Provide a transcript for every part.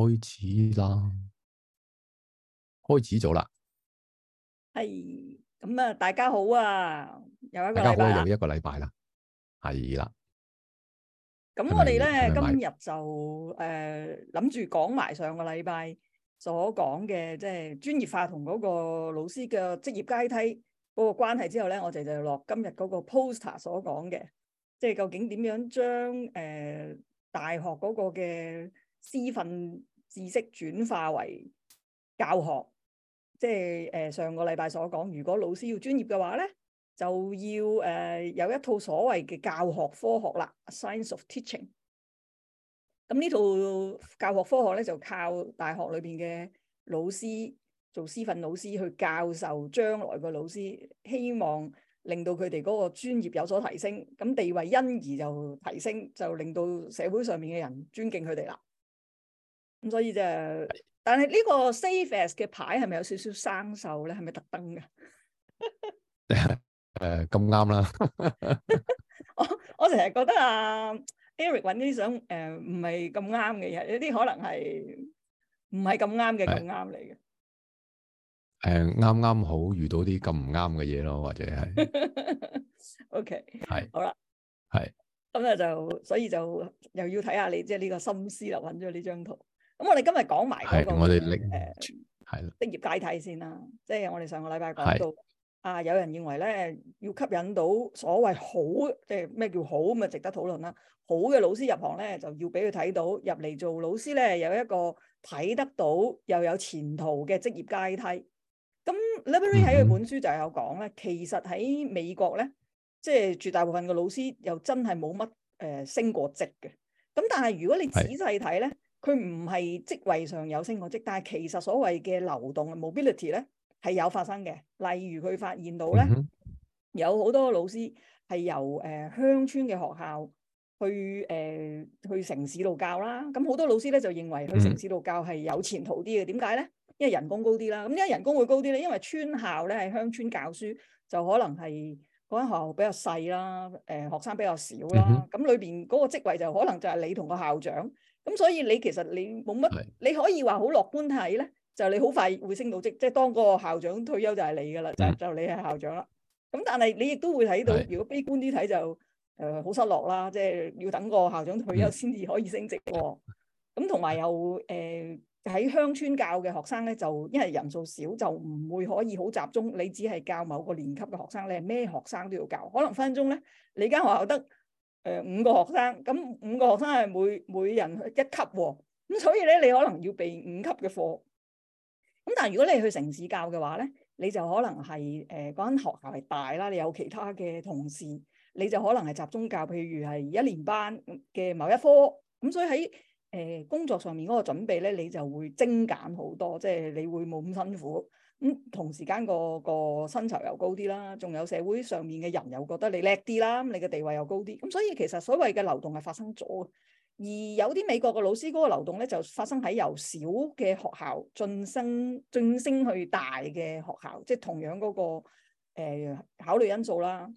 開始啦，開始咗啦。係咁啊，大家好啊，又一個禮拜啦，有一個禮拜啦，係啦。咁 的我哋咧今日就誒諗住講埋上個禮拜所講嘅，即係專業化同嗰個老師嘅職業階梯嗰個關係之後咧，我哋就落今日嗰個 poster 所講嘅，即係究竟點樣將誒、呃、大學嗰個嘅師訓。知識轉化為教學，即係、呃、上個禮拜所講。如果老師要專業嘅話呢，就要誒、呃、有一套所謂嘅教學科學啦，science of teaching。咁呢套教學科學呢，就靠大學裏邊嘅老師做師訓老師去教授將來嘅老師，希望令到佢哋嗰個專業有所提升，咁地位因而就提升，就令到社會上面嘅人尊敬佢哋啦。咁所以就，但係呢個 safest 嘅牌係咪有少少生鏽咧？係咪特登㗎？誒 呃，咁啱啦。我我成日覺得啊 Eric 搵呢啲相誒，唔係咁啱嘅嘢，有啲可能係唔係咁啱嘅咁啱嚟嘅。誒是，啱啱、嗯、好遇到啲咁唔啱嘅嘢咯，或者係。O K，係。好啦了，係是。咁咧就，就，所以就又要睇下你即係呢個心思啦，搵咗呢張圖。咁我哋今日講埋我哋誒職業階梯先啦， 即係我哋上個禮拜講到是啊，有人認為咧，要吸引到所謂好，即係咩叫好咁啊，值得討論啦。好嘅老師入行咧，就要俾佢睇到入嚟，做老師咧有一個睇得到又有前途嘅職業階梯。咁 Library 喺佢本書就有講咧，嗯嗯，其實喺美國咧，即係絕大部分嘅老師又真係冇乜誒升過職嘅。咁但係如果你仔細睇咧，是呢佢唔係職位上有升過職，但係其實所謂嘅流動 mobility 咧係有發生嘅。例如佢發現到咧，嗯、哼有好多、呃、呃、多老師係由誒鄉村嘅學校去誒去城市度教啦。咁好多老師咧就認為去城市度教係有前途啲嘅。點解咧？因為人工高啲啦。咁點解人工會高啲咧？因為村校咧喺鄉村教書就可能係嗰間學校比較細啦，誒、呃、學生比較少啦。咁裏邊嗰個職位就可能就係你同個校長。咁所以你其實你冇乜的你可以話好樂觀睇，咧，就你好快會升到職，即係當嗰個校長退休就係你噶啦、嗯，就就你係校長啦。咁但係你亦都會睇到，的如果悲觀啲睇就誒好失落啦，即係要等個校長退休先至可以升職喎。咁同埋又誒喺鄉村教嘅學生咧，就因為人數少，就唔會可以好集中。你只係教某個年級嘅學生咧，你係咩學生都要教。可能分鐘咧，你間學校得。誒，五個學生，咁五個學生係每每人一級喎，咁所以咧，你可能要備五級嘅課。咁但係如果你去城市教嘅話咧，你就可能係誒，嗰間學校係大啦，你有其他嘅同事，你就可能係集中教，譬如係一年班嘅某一科。咁所以喺誒工作上面嗰個準備咧，你就會精簡好多，即係你會冇咁辛苦。咁同時間個個薪酬又高啲啦，仲有社會上面嘅人又覺得你叻啲啦，你嘅地位又高啲，咁所以其實所謂嘅流動係發生咗。而有啲美國嘅老師嗰個流動咧，就發生喺由小嘅學校晉升晉升去大嘅學校，即係同樣嗰個誒考慮因素啦。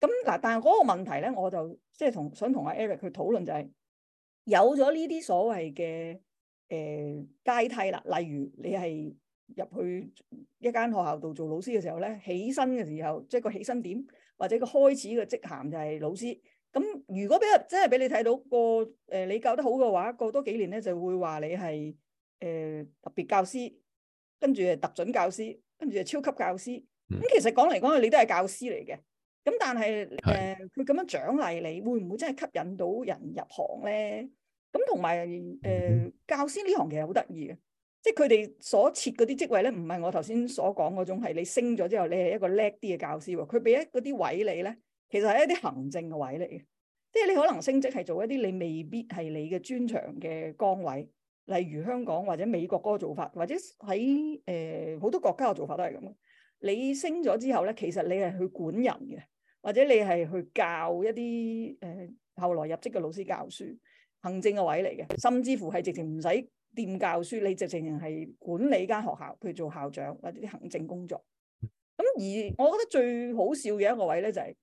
咁嗱，但係嗰個問題咧，我就即係同想同阿 Eric 去討論就係有咗呢啲所謂嘅誒階梯啦，例如你係入去一間學校度做老師嘅時候咧，起身嘅時候，即係個起身點，或者個開始嘅職銜就係老師。咁如果俾真係俾你睇到個誒、呃，你教得好嘅話，過多幾年咧就會話你係誒、呃、特別教師，跟住係特准教師，跟住係超級教師。咁、嗯、其實講嚟講去，你都係教師嚟嘅。咁但係誒，佢咁的、呃、樣獎勵你會唔會真係吸引到人入行咧？咁同埋誒，呃嗯、教師呢行其實好得意嘅。即係佢哋所設嗰啲職位咧，唔係我頭先所講嗰種，係你升咗之後，你係一個叻啲嘅教師。佢俾一嗰啲位你咧，其實係一啲行政嘅位嚟嘅。即係你可能升職係做一啲你未必係你嘅專長嘅崗位，例如香港或者美國嗰個做法，或者喺誒好多國家嘅做法都係咁嘅。你升咗之後咧，其實你係去管人嘅，或者你係去教一啲誒、呃、後來入職嘅老師教書，行政嘅位嚟嘅，甚至乎係直情唔使。掂教書，你直情係管理間學校，佢做校長或者啲行政工作。咁而我覺得最好笑嘅一個位咧、就是，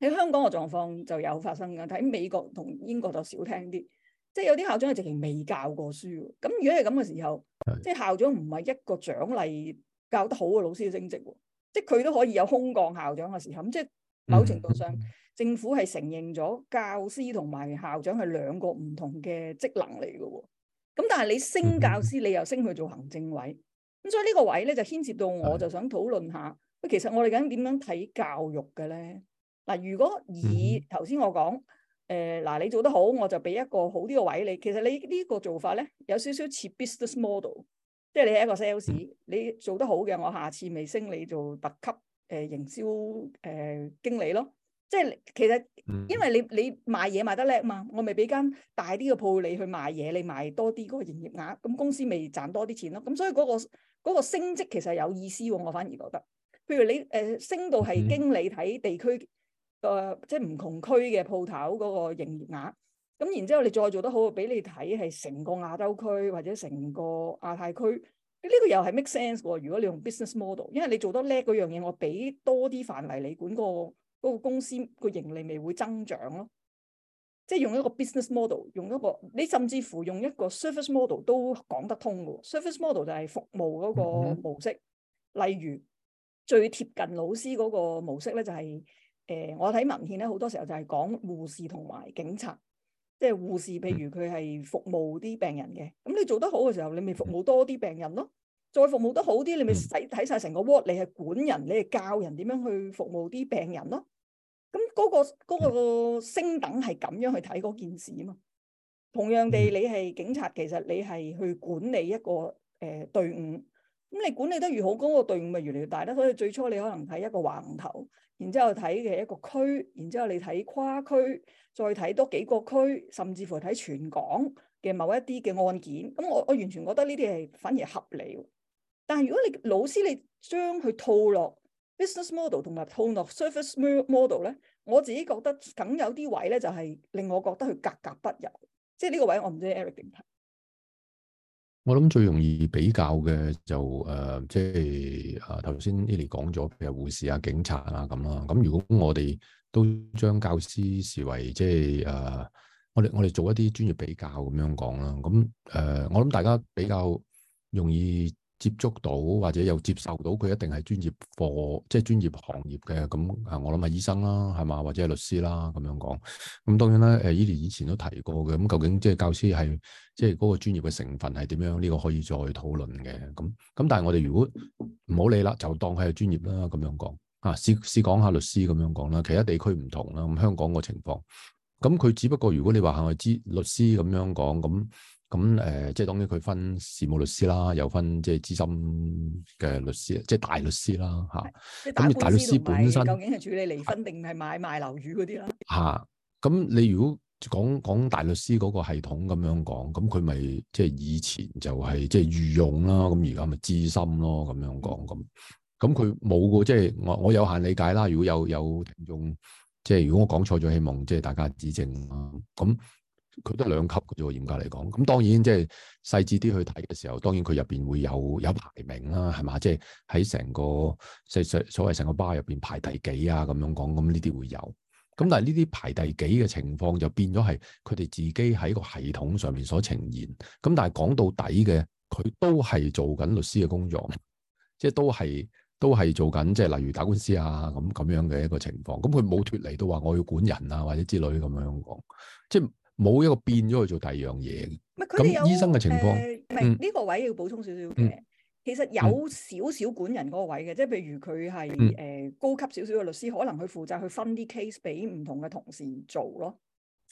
就係喺香港嘅狀況就有發生㗎。睇美國同英國就少聽啲，即係有啲校長係直情未教過書。咁如果係咁嘅時候，的即係校長唔係一個獎勵教得好嘅老師嘅升職，即係佢都可以有空降校長嘅時候。咁即係某程度上，嗯、政府係承認咗教師同埋校長係兩個唔同嘅職能嚟嘅喎。咁但係你升教師，你又升去做行政位，咁所以呢個位咧就牽涉到我就想討論下，的其實我哋究竟點樣睇教育嘅咧？嗱，如果以頭先、嗯、我講，誒、呃、嗱你做得好，我就俾一個好啲嘅位你。其實你呢個做法咧，有少少似 business model，即係你係一個 sales，、嗯、你做得好嘅，我下次咪升你做特級誒、呃、營銷誒、呃、經理咯。即係其實，因為你你賣嘢賣得叻嘛，我咪俾間大啲嘅鋪你去賣嘢，你賣多啲嗰個營業額，咁公司咪賺多啲錢咯。咁所以嗰、嗰個、嗰個升職其實有意思喎，我反而覺得。譬如你、誒、呃、升到係經理，睇地區、誒、呃、即係唔同區嘅鋪頭嗰個營業額，咁然之後你再做得好，俾你睇係成個亞洲區或者成個亞太區呢、呢個又係 make sense 喎。如果你用 business model，因為你做得叻嗰樣嘢，我俾多啲範圍你管個。嗰個公司個盈利咪會增長咯，即係用一個 business model，用一個你甚至乎用一個 service model 都講得通嘅。Service model 就係服務嗰個模式，例如最貼近老師嗰個模式咧就係、是、誒、呃，我睇文獻咧好多時候就係講護士同埋警察，即係護士譬如佢係服務啲病人嘅，咁你做得好嘅時候，你咪服務多啲病人咯。再服務得好啲，你咪睇睇晒成個鑊，你係管人，你係教人點樣去服務啲病人咯。咁嗰個嗰個升等係咁樣去睇嗰件事啊嘛。同樣地，你係警察，其實你係去管理一個誒、呃、隊伍。咁你管理得越好，嗰個隊伍咪越嚟越大啦。所以最初你可能睇一個橫頭，然之後睇嘅一個區，然之後你睇跨區，再睇多幾個區，甚至乎睇全港嘅某一啲嘅案件。咁我我完全覺得呢啲係反而合理。但係如果你老師你將佢套落 business model 同埋套落 service model 咧，我自己覺得梗有啲位咧就係令我覺得佢格格不入，即係呢個位我唔知 Eric 點睇。我諗最容易比較嘅就誒、呃，即係啊頭先 Lily 講咗，譬、呃 e、如護士啊、警察啊咁啦。咁如果我哋都將教師視為即係誒、呃，我哋我哋做一啲專業比較咁樣講啦。咁誒、呃，我諗大家比較容易。接觸到或者又接受到佢一定係專業課，即係專業行業嘅咁啊！我諗係醫生啦，係嘛？或者係律師啦咁樣講。咁當然啦，誒 Eli 以前都提過嘅。咁究竟即係教師係即係嗰個專業嘅成分係點樣？呢個可以再討論嘅。咁咁，但係我哋如果唔好理啦，就當佢係專業啦咁樣講啊。試試講下律師咁樣講啦。其他地區唔同啦。咁香港個情況，咁佢只不過如果你話係知律師咁樣講咁。咁誒、嗯，即係等於佢分事務律師啦，又分即係資深嘅律師，即係大律師啦，嚇。咁大律師本身究竟係處理離婚定係買賣樓宇嗰啲啦？嚇！咁你如果講講大律師嗰個系統咁樣講，咁佢咪即係以前就係即係御用啦，咁而家咪資深咯，咁樣講咁。咁佢冇個即係我我有限理解啦。如果有有聽眾，即係如果我講錯咗，希望即係大家指正啦。咁佢都兩級嘅啫，嚴格嚟講。咁、嗯、當然即係細緻啲去睇嘅時候，當然佢入邊會有有排名啦、啊，係嘛？即係喺成個即係所所謂成個 bar 入邊排第幾啊？咁樣講，咁呢啲會有。咁、嗯、但係呢啲排第幾嘅情況，就變咗係佢哋自己喺個系統上面所呈現。咁、嗯、但係講到底嘅，佢都係做緊律師嘅工作，即係都係都係做緊，即係例如打官司啊咁咁樣嘅一個情況。咁佢冇脫離到話我要管人啊，或者之類咁樣講，即係。冇一個變咗去做第二樣嘢嘅。咁醫生嘅情況，唔係呢個位要補充少少嘅。其實有少少管人嗰個位嘅，即係譬如佢係誒高級少少嘅律師，可能佢去負責去分啲 case 俾唔同嘅同事做咯。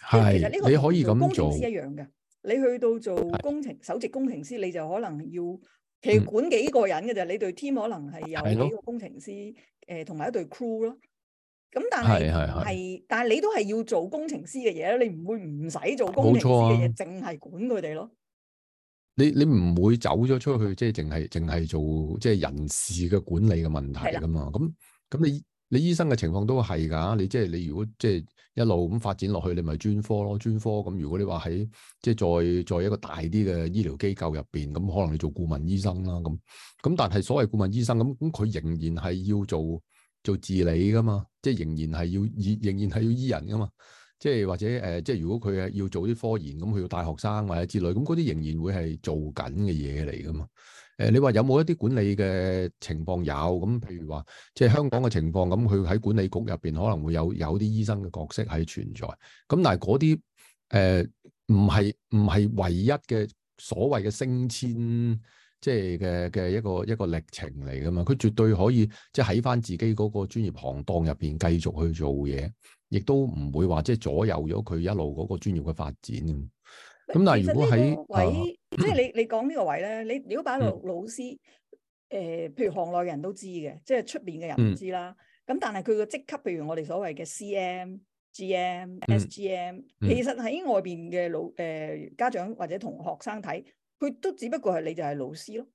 係，其實呢個你可以咁做。工程師一樣嘅，你去到做工程首席工程師，你就可能要其實管幾個人嘅，就你對 team 可能係有幾個工程師誒，同埋一隊 crew 咯。咁但係係，但係你都係要做工程師嘅嘢，你唔會唔使做工程師嘅嘢，淨係、啊、管佢哋咯。你你唔會走咗出去，即係淨係淨係做即係人事嘅管理嘅問題噶嘛？咁咁的你你醫生嘅情況都係㗎，你即係你如果即係一路咁發展落去，你咪專科咯，專科咁。如果你話喺即係再再一個大啲嘅醫療機構入邊，咁可能你做顧問醫生啦，咁咁但係所謂顧問醫生咁咁佢仍然係要做。做治理噶嘛，即係仍然係要醫，仍然係要醫人噶嘛，即係或者誒、呃，即係如果佢係要做啲科研，咁佢要帶學生或者之類，咁嗰啲仍然會係做緊嘅嘢嚟噶嘛。誒、呃，你話有冇一啲管理嘅情況？有，咁譬如話，即係香港嘅情況，咁佢喺管理局入邊可能會有有啲醫生嘅角色係存在。咁但係嗰啲誒唔係唔係唯一嘅所謂嘅升遷。即係嘅嘅一個一個歷程嚟㗎嘛，佢絕對可以即係喺返自己嗰個專業行當入邊繼續去做嘢，亦都唔會話即係左右咗佢一路嗰個專業嘅發展。咁但係如果喺位，啊、即係你你講呢個位咧，嗯、你如果把老老師、嗯呃、譬如行內人都知嘅，即係出邊嘅人都知啦。咁、嗯、但係佢個職級，譬如我哋所謂嘅 CM、嗯、GM、嗯、嗯、SGM，其實喺外邊嘅老誒、呃、家長或者同學生睇。佢都只不過係你就係老師咯，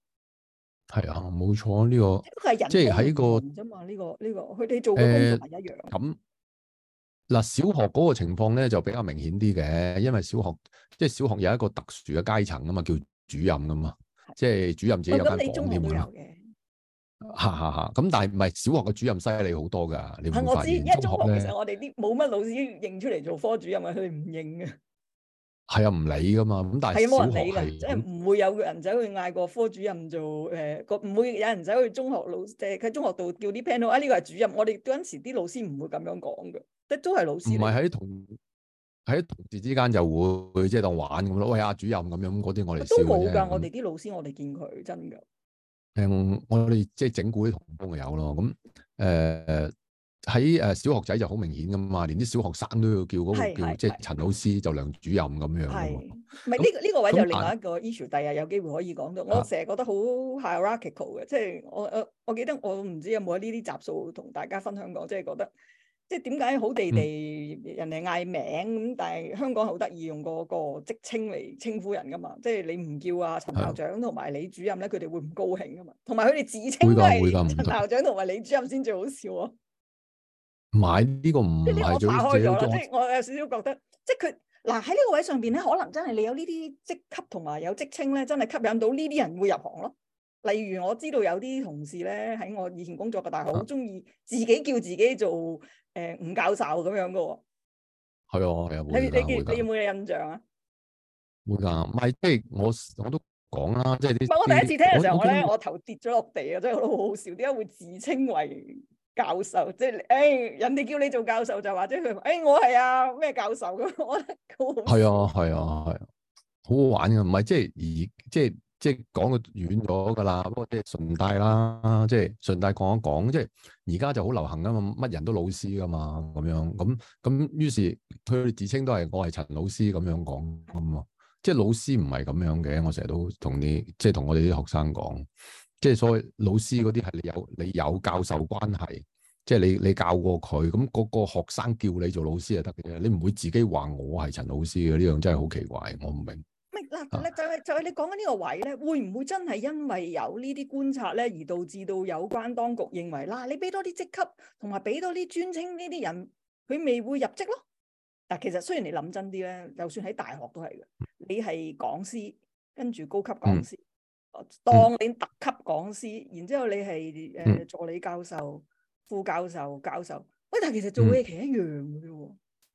係啊，冇錯呢個，即係喺個啫嘛。呢個呢個，佢、這、哋、個、做嘅、呃、係一樣咁。嗱、嗯啊，小學嗰個情況咧就比較明顯啲嘅，因為小學即係對 小學有一個特殊嘅階層噶嘛，叫主任噶嘛，的即係主任自己有間房嘅。哈、啊、哈哈！咁、啊、但係唔係小學嘅主任犀利好多噶，你唔發覺？因為中學,中學其實我哋啲冇乜老師認出嚟做科主任啊，佢哋唔認嘅。係啊，唔理噶嘛，咁但係冇人理嘅，即係唔會有人走去嗌個科主任做誒個，唔會有人走去中學老師，即係喺中學度叫啲 panel 啊呢個係主任，我哋嗰陣時啲老師唔會咁樣講嘅，即都係老師。唔係喺同喺同事之間就會即係、就是、當玩咁咯，喂阿、啊、主任咁樣，嗰啲我哋都冇㗎那，我哋啲老師我哋見佢真㗎。誒、嗯，我哋即係整蠱啲同工就有咯，咁誒。呃喺誒小學仔就好明顯噶嘛，連啲小學生都要叫嗰個叫是是是即係陳老師就梁主任咁樣。係是，係呢那、這個呢那個位就另外一個 issue 第日有機會可以講到。那我成日覺得好 hierarchical 嘅，即、就、係、是、我我我記得我唔知有冇呢啲集數同大家分享過，即、就、係、是、覺得即係點解好地地、嗯、人哋嗌名咁，但係香港好得意用個個職稱嚟稱呼人噶嘛？即、就、係、是、你唔叫啊陳校長同埋李主任咧，佢哋的會唔高興噶嘛？同埋佢哋自稱係陳校長同埋李主任先最好笑。的買呢個唔買咗自即係我有少少覺得，即係佢嗱喺呢個位上邊咧，可能真係你有呢啲職級同埋有職稱咧，真係吸引到呢啲人會入行咯。例如我知道有啲同事咧喺我以前工作嘅大學好中意、啊、自己叫自己做誒五、呃、教授咁樣嘅。係啊係啊，啊你的你見的你有冇嘅印象啊？會噶，唔係即係我我都講啦，即係啲。我我第一次聽嘅時候，我咧我，呢我頭跌咗落地啊，真係覺得好好笑。點解會自稱為？教授即係，誒、哎，人哋叫你做教授就或者佢，誒、哎，我係啊咩教授咁，我 係很啊係啊係啊，好好玩嘅，唔係即係而即係即係講嘅遠咗噶啦，不過即係順帶啦，即係順帶講一講，即係而家就好流行啊嘛，乜人都老師噶嘛，咁樣咁咁，於是佢哋自稱都係我係陳老師咁樣講咁啊，即係老師唔係咁樣嘅，我成日都同你即係同我哋啲學生講。即係所謂老師嗰啲係你有你有教授關係，即係你你教過佢，咁、那、嗰個學生叫你做老師就得嘅啫。你唔會自己話我係陳老師嘅呢樣真係好奇怪，我唔明。唔係嗱，就係就係你講緊呢個位咧，會唔會真係因為有呢啲觀察咧，而導致到有關當局認為嗱、啊，你俾多啲職級，同埋俾多啲尊稱呢啲人，佢未會入職咯？嗱，其實雖然你諗真啲咧，就算喺大學都係嘅，你係講師跟住高級講師。嗯當年特級講師，然之後你係誒助理教授、副教授、教授，喂，但係其實做嘢其實一樣嘅啫，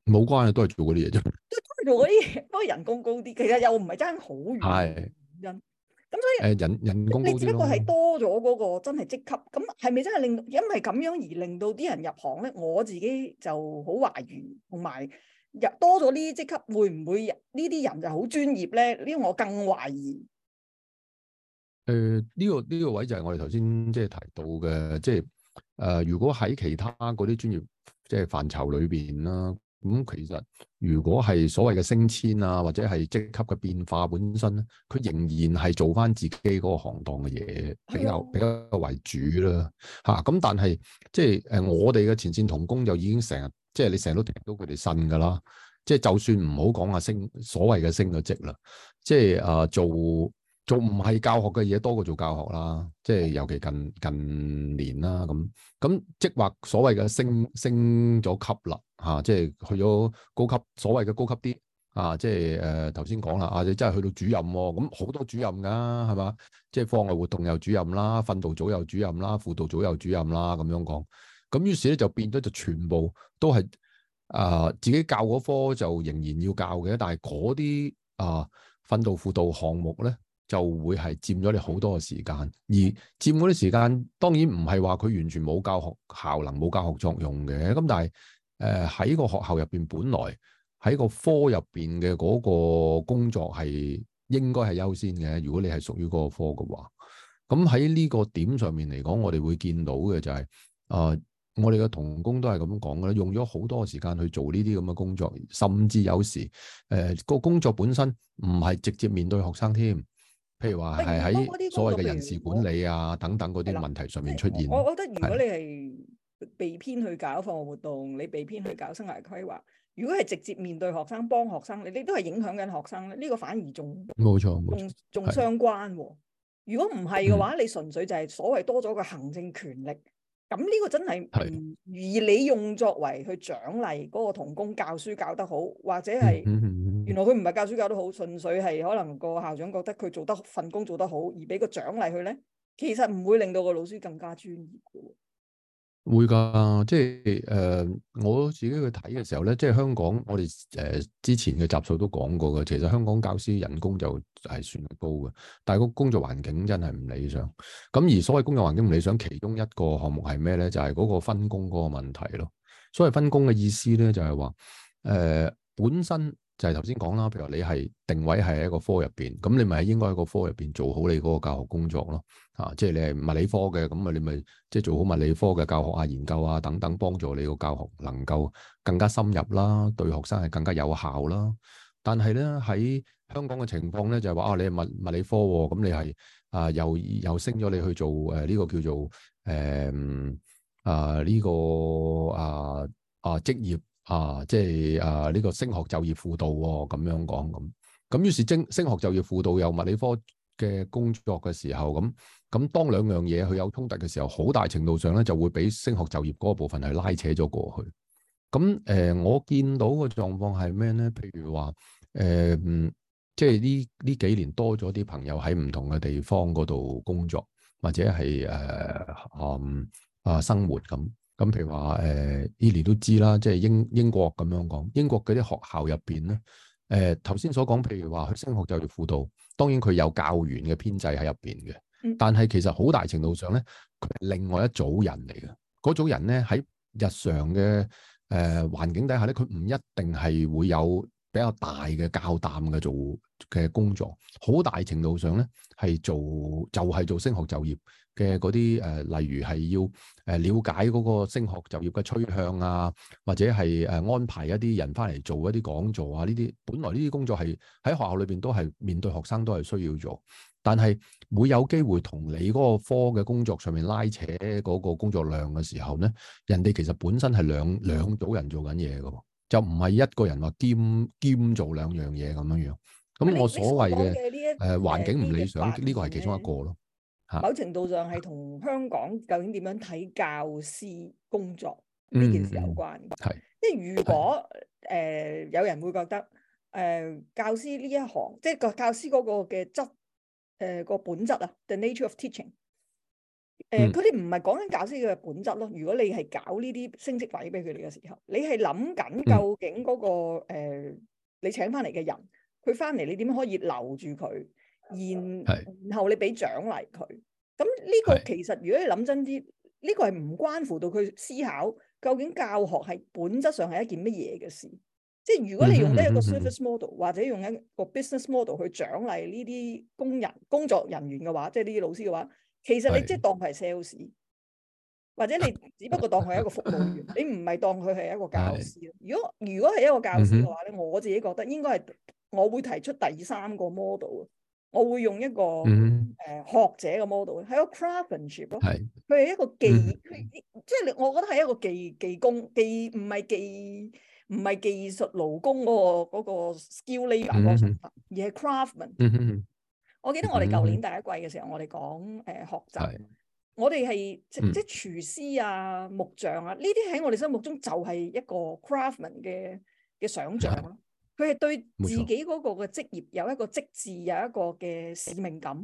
冇關係，都係做嗰啲嘢啫，都係做嗰啲嘢，不過人工高啲，其實又唔係爭好遠，係，咁所以誒人人工高啲，只不過係多咗嗰個真係職級，咁係咪真係令因為咁樣而令到啲人入行咧？我自己就好懷疑，同埋入多咗呢啲職級會唔會呢啲人就好專業咧？呢我更懷疑。誒，呢、呃這個呢、這個位就係我哋頭先即係提到嘅，即係誒，如果喺其他嗰啲專業即係、就是、範疇裏邊啦、啊，咁、嗯、其實如果係所謂嘅升遷啊，或者係職級嘅變化本身，佢仍然係做翻自己嗰個行當嘅嘢，比較比較為主啦，吓、啊、咁但係即係誒，我哋嘅前線同工就已經成日，即、就、係、是、你成日都聽到佢哋呻噶啦，即、就、係、是、就算唔好講啊升所謂嘅升咗職啦，即係啊做。做唔係教學嘅嘢多過做教學啦，即係尤其近近年啦，咁咁即係話所謂嘅升升咗級啦，嚇、啊，即係去咗高級，所謂嘅高級啲啊，即係誒頭先講啦，啊，你真係去到主任、哦，咁、嗯、好多主任噶、啊，係嘛？即係課外活動又主任啦，訓導組又主任啦，輔導組又主任啦，咁樣講，咁於是咧就變咗就全部都係啊、呃、自己教嗰科就仍然要教嘅，但係嗰啲啊訓導輔導項目咧。就會係佔咗你好多嘅時間，而佔嗰啲時間，當然唔係話佢完全冇教學效能、冇教學作用嘅。咁但係誒喺個學校入邊，本來喺個科入邊嘅嗰個工作係應該係優先嘅。如果你係屬於嗰個科嘅話，咁喺呢個點上面嚟講，我哋會見到嘅就係誒，我哋嘅同工都係咁講嘅，用咗好多時間去做呢啲咁嘅工作，甚至有時誒個工作本身唔係直接面對學生添。譬如話係喺所謂嘅人事管理啊等等嗰啲問題上面出現我，我覺得如果你係被編去搞課外活動，你被編去搞生涯規劃，如果係直接面對學生幫學生，你你都係影響緊學生咧，呢、這個反而仲冇錯，仲相關喎。的如果唔係嘅話，嗯、你純粹就係所謂多咗個行政權力，咁呢個真係而你用作為去獎勵嗰個同工教書教得好，或者係、嗯。嗯嗯原來佢唔係教書教得好，純粹係可能個校長覺得佢做得好，份工做得好，而俾個獎勵佢咧，其實唔會令到個老師更加專業。會㗎，即係誒、呃、我自己去睇嘅時候咧，即係香港我哋誒、呃、之前嘅集數都講過嘅，其實香港教師人工就係算高嘅，但係個工作環境真係唔理想。咁而所謂工作環境唔理想，其中一個項目係咩咧？就係、是、嗰個分工嗰個問題咯。所謂分工嘅意思咧，就係話誒本身。就係頭先講啦，譬如你係定位係一個科入邊，咁你咪應該喺個科入邊做好你嗰個教學工作咯，啊，即係你係物理科嘅，咁啊你咪即係做好物理科嘅教學啊、研究啊等等，幫助你個教學能夠更加深入啦，對學生係更加有效啦。但係咧喺香港嘅情況咧，就係話啊，你係物物理科，咁你係啊又又升咗你去做誒呢個叫做誒啊呢個啊啊職業。啊，即係啊，呢、這個升學就業輔導咁、哦、樣講咁，咁於是升學就業輔導有物理科嘅工作嘅時候，咁咁當兩樣嘢佢有衝突嘅時候，好大程度上咧就會俾升學就業嗰部分係拉扯咗過去。咁誒、呃，我見到個狀況係咩咧？譬如話誒、呃，即係呢呢幾年多咗啲朋友喺唔同嘅地方嗰度工作，或者係誒，嗯、呃、啊、呃呃、生活咁。咁譬、嗯、如話誒，Eli 都知啦，即、就、係、是、英英國咁樣講，英國嗰啲學校入邊咧，誒頭先所講，譬如話去升學就業輔導，當然佢有教員嘅編制喺入邊嘅，但係其實好大程度上咧，佢係另外一組人嚟嘅，嗰組人咧喺日常嘅誒環境底下咧，佢唔一定係會有比較大嘅教擔嘅做嘅工作，好大程度上咧係做就係、是、做升學就業。嘅啲誒，例如係要誒了解嗰個升學就業嘅趨向啊，或者係誒安排一啲人翻嚟做一啲講座啊，呢啲本來呢啲工作係喺學校裏邊都係面對學生都係需要做，但係會有機會同你嗰個科嘅工作上面拉扯嗰個工作量嘅時候咧，人哋其實本身係兩兩組人做緊嘢㗎，就唔係一個人話兼兼做兩樣嘢咁樣樣。咁我所謂嘅誒環境唔理想，呢個係其中一個咯。某程度上係同香港究竟點樣睇教師工作呢、嗯、件事有關嘅。即係是如果誒是、呃、有人會覺得誒、呃、教師呢一行，即係個教師嗰個嘅質誒個本質啊，the nature of teaching、呃。誒、嗯，佢哋唔係講緊教師嘅本質咯。如果你係搞呢啲升職位俾佢哋嘅時候，你係諗緊究竟嗰、那個、呃、你請翻嚟嘅人，佢翻嚟你點樣可以留住佢？然然後你俾獎勵佢，咁呢個其實是如果你諗真啲，呢、這個係唔關乎到佢思考究竟教學係本質上係一件乜嘢嘅事。即係如果你用一個 service model 或者用一個 business model 去獎勵呢啲工人、工作人員嘅話，即係呢啲老師嘅話，其實你即係當佢係 sales，或者你只不過當佢係一個服務員， 你唔係當佢係一個教師。是如果如果係一個教師嘅話咧，嗯、哼哼我自己覺得應該係我會提出第三個 model。我會用一個誒、嗯呃、學者嘅 model 喺個 craftsmanship 咯是，佢係一個技，嗯、即係我我覺得係一個技技工技，唔係技唔係技術勞工嗰、嗰個、嗰個 skill labour 而係 craftman。嗯、我記得我哋舊年第一季嘅時候我講，是我哋講誒學習，我哋係即即廚師啊、木匠啊呢啲喺我哋心目中就係一個 craftman 嘅嘅想象、啊。佢係對自己嗰個嘅職業有一個職志，有一個嘅使命感。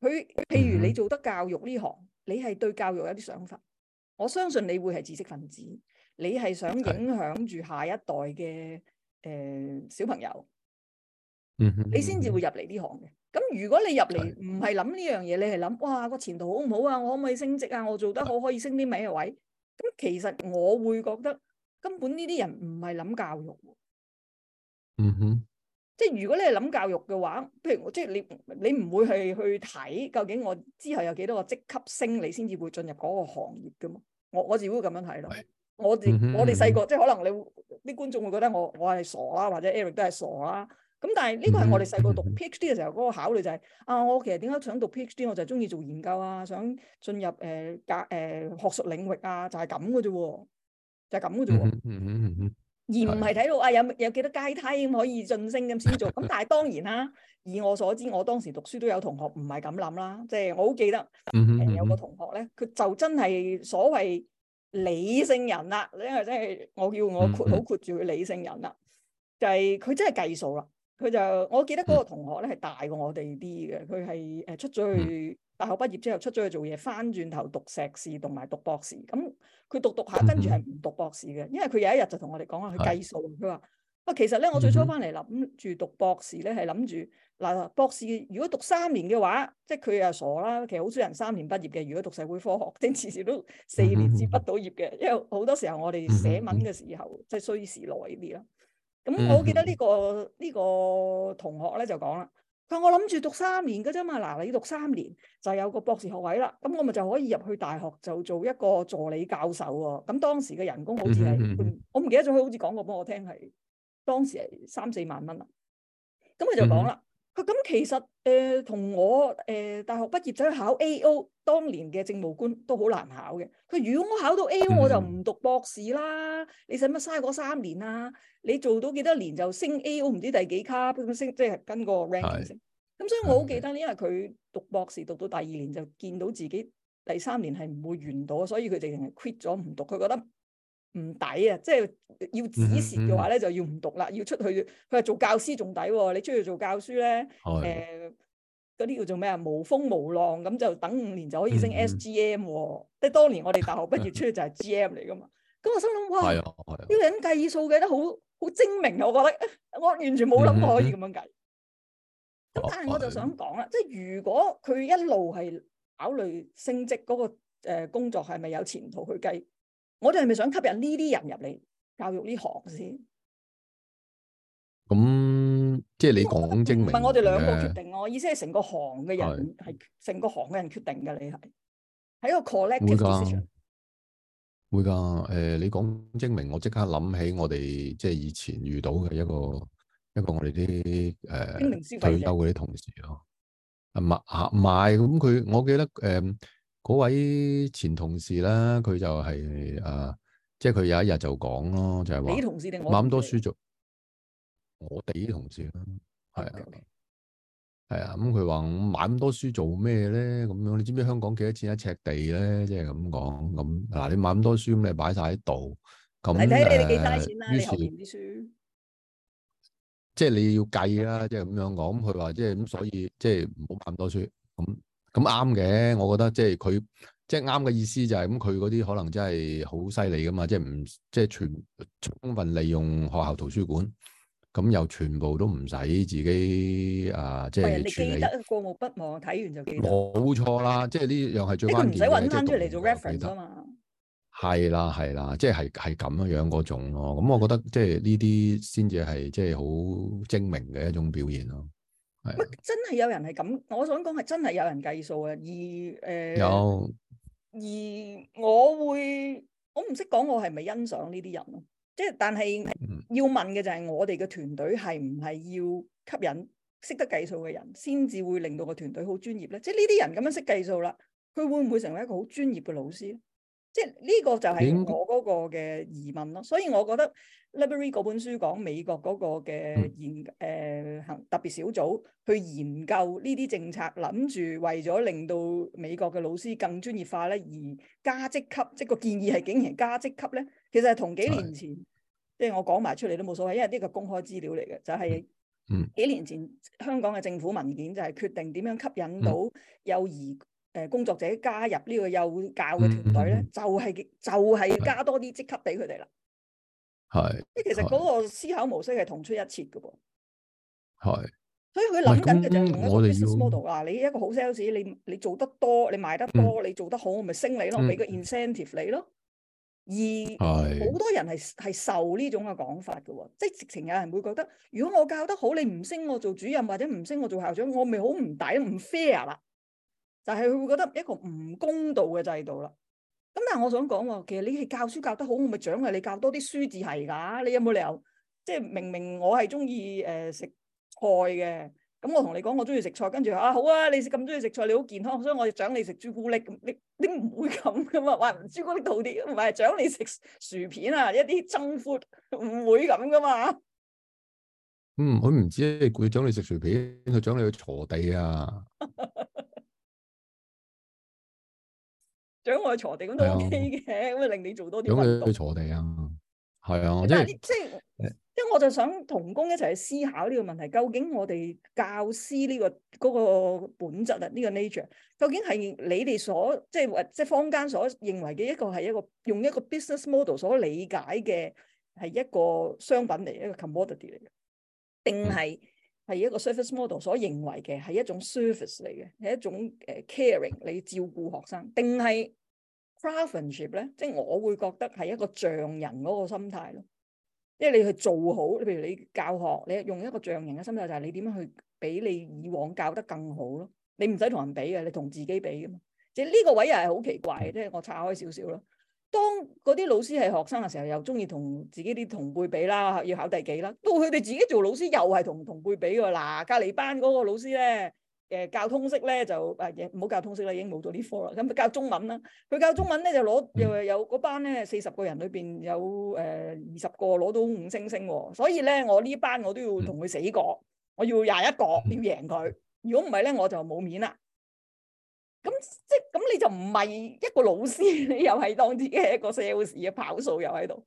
佢譬如，你做得教育呢行，嗯、哼你係對教育有啲想法，我相信你會係知識分子。你係想影響住下一代嘅誒的、呃、小朋友，嗯哼，你先至會入嚟呢行嘅。咁如果你入嚟唔係諗呢樣嘢，你係諗哇、這個前途好唔好啊？我可唔可以升職啊？我做得好可以升啲咩位？咁其實我會覺得根本呢啲人唔係諗教育。嗯哼，即係如果你係諗教育嘅話，譬如即係你你唔會係去睇究竟我之後有幾多個職級升，你先至會進入嗰個行業嘅嘛。我我自會咁樣睇咯。我是我哋細個即係可能你啲觀眾會覺得我我係傻啦，或者 Eric 都係傻啦。咁但係呢個係我哋細個讀 PhD 嘅時候嗰個考慮就係、是嗯、哼啊，我其實點解想讀 PhD 我就中意做研究啊，想進入誒教誒學術領域啊，就係咁嘅啫，就係咁嘅啫。就是、嗯哼嗯嗯嗯。而唔係睇到的啊有有幾多階梯咁可以晉升咁先做。咁但係當然啦。以我所知，我當時讀書都有同學唔係咁諗啦，即係我好記得有個同學咧，佢就真係所謂理性人啦，因為真係我叫我括好括住佢理性人啦，就係佢真係計數啦。佢就，我記得嗰個同學咧係大過我哋啲嘅，佢係誒出咗去大學畢業之後出咗去做嘢，翻轉頭讀碩士同埋讀博士咁。佢讀讀下，跟住係唔讀博士嘅，因為佢有一日就同我哋講話，去計數。佢話是啊，其實咧，我最初翻嚟諗住讀博士咧，係諗住嗱，博士如果讀三年嘅話，即係佢啊傻啦。其實好少人三年畢業嘅，如果讀社會科學，真次次都四年先畢到業嘅，因為好多時候我哋寫文嘅時候即係需時耐啲咯。咁我記得呢、這個呢 個同學咧就講啦。佢我諗住讀三年嘅啫嘛，嗱你讀三年就有個博士學位啦，咁我咪就可以入去大學就做一個助理教授喎，咁當時嘅人工好似係， 我唔記得咗佢好似講過俾我聽係，當時係三四萬蚊啦，咁佢就講啦。 佢咁、啊、其實誒同、呃、我誒、呃、大學畢業咗去考 A.O. 當年嘅政務官都好難考嘅。佢，如果我考到 A.O. 我就唔讀博士啦。嗯、你使乜嘥嗰三年啦、啊？你做到幾多年就升 A.O. 唔知第幾級咁升，即係跟個 ranking 升。咁所以我好記得，的因為佢讀博士讀到第二年就見到自己第三年係唔會完到，所以佢淨係 quit 咗唔讀。佢覺得。唔抵啊！即係要指示嘅話咧，嗯、就要唔讀啦。要出去，佢話做教師仲抵喎。你出去做教書咧，誒嗰啲叫做咩啊？無風無浪咁就等五年就可以升 S G M。即係、嗯哦嗯、當年我哋大學畢業出去，就係 G M 嚟噶嘛。咁我心諗哇，呢個人計數計得好好精明，我覺得我完全冇諗過可以咁樣計。咁但係我就想講啦的，即係如果佢一路係考慮升職嗰個誒工作係咪有前途去計？我哋係咪想吸引呢啲人入嚟教育呢行先？咁、嗯、即係你講精明唔係我哋兩個決定啊！我、嗯、意思係成個行嘅人係成是個行嘅人決定嘅，你係喺個 collective 嘅市場。會㗎、呃，你講精明，我即刻諗起我哋即係以前遇到嘅一個一個我哋啲誒退休啲同事咯，係咪啊？唔係咁佢，我記得誒。呃嗰位前同事啦，佢就係、是、啊，即係佢有一日就講咯，就係、是、話：你同事定我？買咁多書做？我哋啲同事咯，係啊，係 Okay, okay. 啊。咁佢話買咁多書做咩咧？咁樣你知唔知香港幾多錢一尺地咧？即係咁講咁嗱，你買咁多書咁，你擺晒喺度咁。睇睇你哋幾多錢啦、啊，啲是書。即係你要計啦、啊，即係咁樣講。佢話即係咁，所以即係唔好買咁多書咁。咁啱嘅，我覺得即係佢即係啱嘅意思就係、是、咁，佢嗰啲可能真係好犀利噶嘛，即係唔即係全充分利用學校圖書館，咁又全部都唔使自己啊，即係處理。過目不忘，睇完就記得。冇錯啦，即係呢樣係最關鍵。你唔使搵翻出嚟做 reference 啊得嘛。係啦，係啦，即係係咁樣樣嗰種咯。咁我覺得即係呢啲先至係即係好精明嘅一種表現咯。真係有人係咁，我想講係真係有人計數呀，而誒，有、呃、No. 而我會，我唔識講我係咪欣賞呢啲人咯，即係但係要問嘅就係我哋嘅團隊係唔係要吸引識得計數嘅人，先至會令到個團隊好專業咧。即係呢啲人咁樣識計數啦，佢會唔會成為一個好專業嘅老師？即係呢、這個就係我嗰個嘅疑問咯，所以我覺得 Lavery 嗰本書講美國嗰個嘅研誒行、嗯呃、特別小組去研究呢啲政策，諗住為咗令到美國嘅老師更專業化咧，而加職級，即係個建議係竟然加職級咧，其實係同幾年前，是即係我講埋出嚟都冇所謂，因為呢個公開資料嚟嘅，就係、是、幾年前、嗯嗯、香港嘅政府文件就係決定點樣吸引到幼兒。誒工作者加入個呢個幼教嘅團隊咧，就係就係加多啲職級俾佢哋啦。係，即係其實嗰個思考模式係同出一轍嘅噃。係是，所以佢諗緊嘅就係我哋要嗱，model, 你一個好 sales，你你做得多，你賣得多，嗯、你做得好，我咪升你咯，俾、嗯、個 incentive 你咯。而好多人係係受呢種嘅講法嘅喎、哦，即係直情有人會覺得，如果我教得好，你唔升我做主任或者唔升我做校長，我咪好唔抵唔 fair 啦。不不但係佢會覺得一個唔公道嘅制度啦。咁但係我想講喎，其實你係教書教得好，我咪獎勵你教多啲書字係㗎。你有冇理由即係明明我係中意誒食菜嘅咁？我同你講我中意食菜，跟住啊好啊，你咁中意食菜，你好健康，所以我獎你食朱古力。你你唔會咁噶嘛？話朱古力甜啲，唔係獎你食薯片啊，一啲增闊唔會咁噶嘛。嗯，佢唔知你故意獎你食薯片，佢獎你去鋤地啊。掌握坐地咁都 OK 嘅，咁咪令你做多啲。咁佢要坐地啊？係啊，這啊即係即係，即係我就想同工一齊去思考呢個問題。究竟我哋教師呢個嗰個本質啊，呢個 nature，究竟係你哋所即係或即係坊間所認為嘅一個係一個用一個 business model 所理解嘅係一個商品嚟，一個 commodity 嚟嘅，定係？嗯係一個 service model 所認為嘅，係一種 service 嚟嘅，係一種誒 caring 你照顧學生，定係 craftsmanship 咧？即係我會覺得係一個匠人嗰個心態咯。即係你去做好，你譬如你教學，你用一個匠人嘅心態，就係你點樣去俾你以往教得更好咯。你唔使同人比嘅，你同自己比啊嘛。即係呢個位又係好奇怪，即係我拆開少少咯。當嗰啲老師係學生嘅時候，又中意同自己啲同輩比啦，要考第幾啦。到佢哋自己做老師，又係同同輩比噶啦。隔離班嗰個老師咧，誒、呃、教通識咧就誒唔好教通識啦，已經冇咗呢科啦。咁教中文啦，佢教中文咧就攞又有嗰班咧四十個人裏邊有誒二十個攞到五星星喎。所以咧我呢班我都要同佢死過，我要廿一個要贏佢。如果唔係咧我就冇面啦。咁即係咁你就唔係一個老師，你又係當自己係一個 sales 嘅跑數又喺度，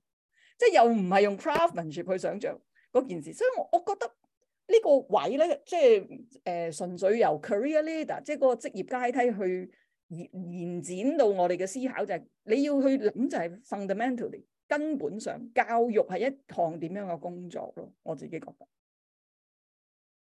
即係又唔係用 craftsmanship 去想象嗰件事，所以我覺得呢個位咧，即係誒純粹由 career leader，即係嗰個職業階梯去延延展到我哋嘅思考，就係、是、你要去諗就係 fundamentally 根本上教育係一項點樣嘅工作咯，我自己覺得。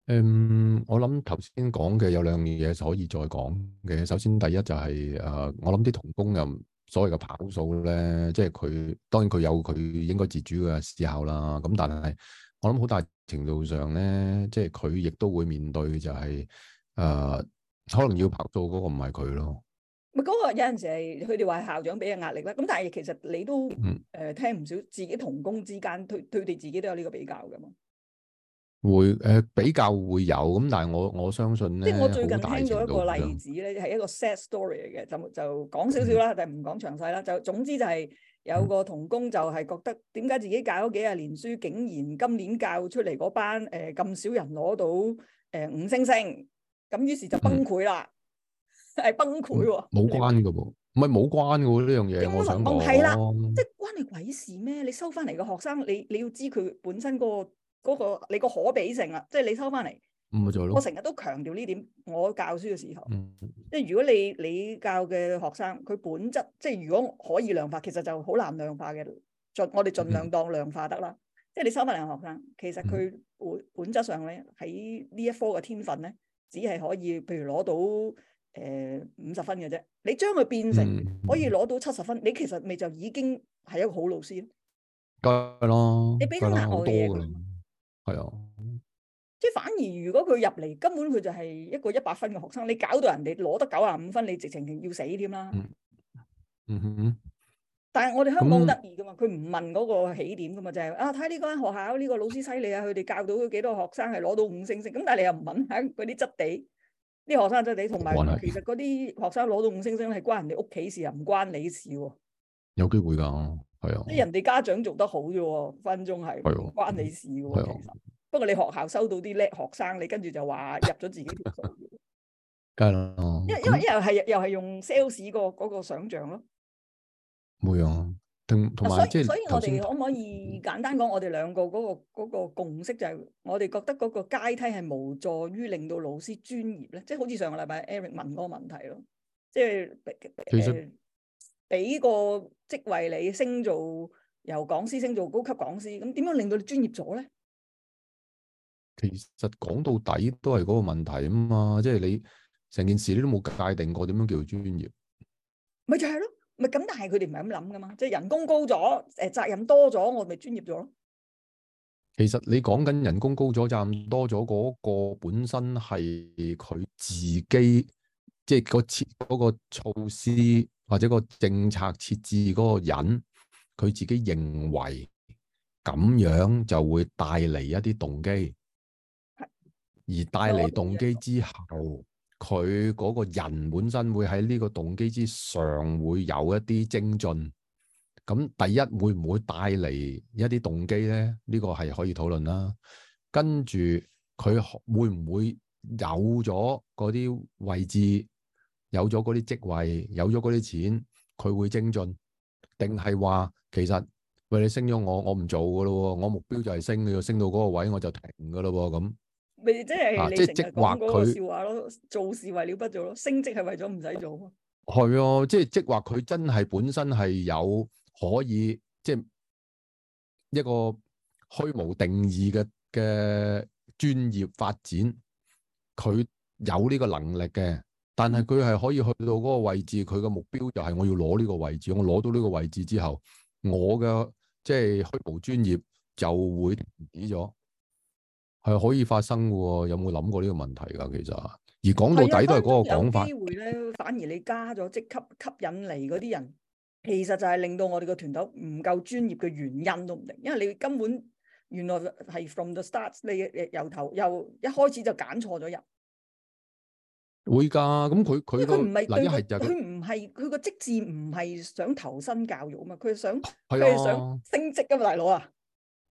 嗯，um, 我諗頭先講嘅有兩樣嘢可以再講嘅。首先，第一就係、是、誒、呃，我諗啲同工又所謂嘅跑數咧，即係佢當然佢有佢應該自主嘅思考啦。咁但係我諗好大程度上咧，即係佢亦都會面對就係、是、誒、呃，可能要跑數嗰個唔係佢咯。咪嗰個有陣時係佢哋話校長俾嘅壓力咧。咁但係其實你都誒、嗯呃、聽唔少自己同工之間，佢佢哋自己都有呢個比較噶嘛。會誒比較會有咁，但係我我相信咧，即係我最近聽咗一個例子咧，係一個 sad story 嚟嘅，就就講少少啦，但係唔講詳細啦。就總之就係有個童工就係覺得點解自己教咗幾廿年書，竟然今年教出嚟嗰班誒咁少人攞到誒五星星，咁於是就崩潰啦，係崩潰冇關噶噃，唔係冇關噶呢樣嘢，係啦，即係關你鬼事咩？你收翻嚟個學生，你你要知佢本身嗰個。嗰、嗰個、你個可比性啦，即係你收翻嚟，做我成日都強調呢點。我教書嘅時候，嗯、即係如果你你教嘅學生，佢本質即係如果可以量化，其實就好難量化嘅。盡我哋盡量當量，量化得啦。嗯、即係你收翻嚟嘅學生，其實佢本本質上咧喺呢一科嘅天分咧，只係可以譬如攞到誒五十分嘅啫。你將佢變成可以攞到七十分，嗯、你其實咪就已經係一個好老師。梗係咯，你俾啲額外嘢。係啊，即係反而如果佢入嚟根本佢就係一個一百分嘅學生，你搞到人哋攞得九十五分，你直情要死添啦，嗯。嗯嗯哼，但係我哋香港好得意噶嘛，佢唔，嗯，問嗰個起點噶嘛，就係、是，啊睇呢間學校呢，呢個老師犀利啊，佢哋教到幾多學生係攞到五星星，咁但係你又唔問下嗰啲質地，啲學生質地同埋，嗯，其實嗰啲學生攞到五星星係關人哋屋企事又唔，嗯，關你事喎，啊。有機會噶。係人哋家，家長做得好啫，分鐘係，的關你事嘅。的其實，的不過你學校收到啲叻學生，你跟住就話入咗自己條數，係咯 了。因因為、嗯、因為係又係、嗯、用 sales 個嗰個想象咯，冇用。同同埋所以我哋可唔可以簡單講，我哋兩個嗰、嗰個、嗯、個共識就係，我哋覺得嗰個階梯係無助於令到老師專業咧，即係好似上個禮拜 Eric 問個問題咯，即係其實。呃其實俾個職位你升做由講師升做高級講師，咁點樣令到你專業咗咧？其實講到底都係嗰個問題啊嘛，即係你成件事你都冇界定過點樣叫專業，咪就係咯，咪咁？但係佢哋唔係咁諗噶嘛，即係人工高咗，誒責任多咗，我咪專業咗咯。其實你講緊人工高咗、責任多咗嗰個本身係佢自己，即係個設嗰個措施。或者個政策設置嗰個人，佢自己認為咁樣就會帶嚟一啲動機，而帶嚟動機之後，佢嗰個人本身會喺呢個動機之上會有一啲精進。咁第一會唔會帶嚟一啲動機咧？呢個係可以討論啦。跟住佢會唔會有咗嗰啲位置？有咗嗰啲職位，有咗嗰啲錢，佢會精進，定係話其實喂你升咗我，我唔做噶咯，我目標就係升嘅，你要升到嗰個位我就停噶咯咁。咪即係你成日講嗰個笑話咯，啊、做事為了不做咯，升職係為咗唔使做咯。係哦、啊，即係即係話佢真係本身係有可以即係、就是、一個虛無定義嘅嘅專業發展，佢有呢個能力嘅。但係佢係可以去到嗰個位置，佢嘅目標就係我要攞呢個位置。我攞到呢個位置之後，我嘅即係虛無專業就會止咗，係可以發生嘅。有冇諗過呢個問題噶？其實而講到底都係嗰個講法。有機會咧，反而你加咗職級，吸引嚟嗰啲人，其實就係令到我哋個團隊唔夠專業嘅原因都唔定，因為你根本原來係 from the start 你由頭又一開始就揀錯咗人。會噶咁佢佢佢唔係，第一係就佢唔係，佢個職志唔係想投身教育啊嘛，佢係想啊，佢想升職噶嘛，大佬啊，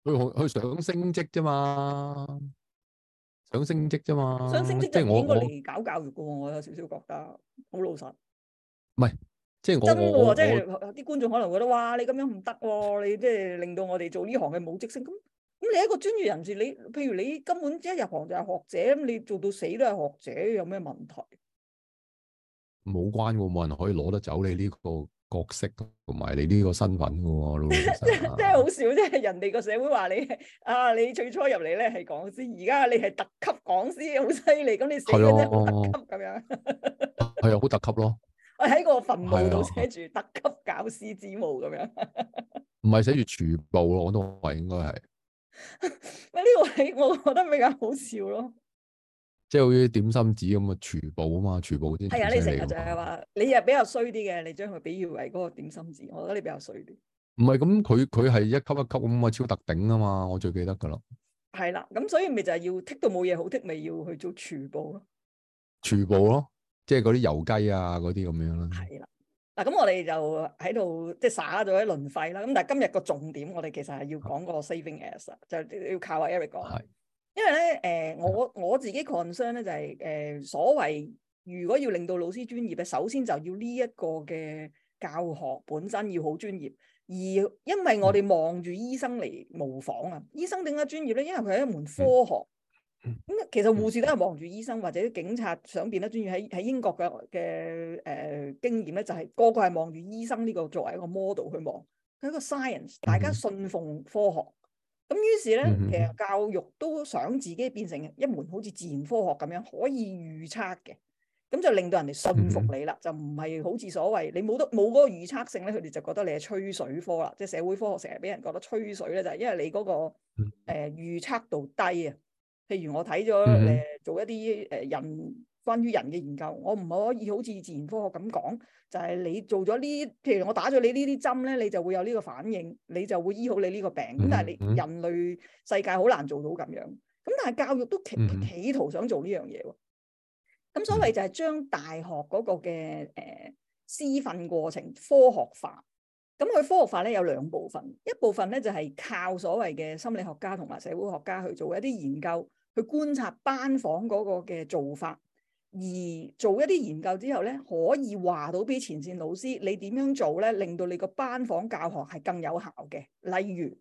佢佢想升職啫嘛，想升職啫嘛，想升職就係我應該嚟搞教育噶喎，我有少少覺得好老實，唔係，即係我真噶即係有啲觀眾可能覺得哇，你咁樣唔得喎，你即係令到我哋做呢行嘅冇晉升咁。咁你一個專業人士，你譬如你根本一入行就係學者，咁你做到死都係學者，有咩問題？冇關喎，冇人可以攞得走你呢個角色同埋你呢個身份嘅喎。即係好少，即係人哋個社會話你啊，你最初入嚟咧係講師，而家你係特級講師，好犀利。咁你死咗即係特級咁樣。係啊，好特級咯。我喺個墳墓度寫住特級教師之墓咁樣。唔係寫住全部咯，我都話應該係。喂，呢 位我覺得比較好笑咯，即係好似點心紙咁嘅廚寶啊嘛，廚寶先係啊。你成日就係話你又比較衰啲嘅，你將佢比喻為嗰個點心紙，我覺得你比較衰啲。唔係咁，佢佢係一級一級咁啊，超特頂啊嘛，我最記得噶啦。係啦，咁所以咪就係要剔到冇嘢好剔，咪要去做廚寶咯，廚寶咯，即係嗰啲油雞啊，嗰啲咁樣啦。係啦。嗱，咁、啊、我哋就喺度即係耍咗一輪費啦。咁但係今日個重點，我哋其實係要講個 saving as，、嗯、就要靠阿 Eric 講。係的，因為咧，誒、呃，我我自己 concern 咧就係、是，誒、呃，所謂如果要令到老師專業嘅，首先就要呢一個嘅教學本身要好專業。而因為我哋望住醫生嚟模仿啊，嗯、醫生點解專業咧？因為佢係一門科學。嗯咁其實護士都係望住醫生，或者警察想變得專業，喺喺英國嘅嘅誒經驗咧，就係個個係望住醫生呢個作為一個 model 去望，佢一個 science，大家信奉科學。咁於是咧，其實教育都想自己變成一門好似自然科學咁樣可以預測嘅，咁就令到人哋信服你啦。就唔係好似所謂你冇得冇嗰個預測性咧，佢哋就覺得你係吹水科啦，即係社會科學成日俾人覺得吹水咧，就係因為你嗰個誒預測度低啊。譬如我睇咗誒做一啲誒、呃、人關於人嘅研究，我唔可以好似自然科學咁講，就係、是、你做咗呢，譬如我打咗你針呢啲針咧，你就會有呢個反應，你就會醫好你呢個病。咁但係你人類世界好難做到咁樣，咁但係教育都企、嗯、企圖想做呢樣嘢喎。咁所謂就係將大學嗰個嘅誒、呃、師訓過程科學化。咁佢科學化咧有兩部分，一部分咧就係、是、靠所謂嘅心理學家同埋社會學家去做一啲研究。去觀察班房嗰個嘅做法，而做一啲研究之後咧，可以話到俾前線老師，你點樣做咧，令到你個班房教學係更有效嘅。例如，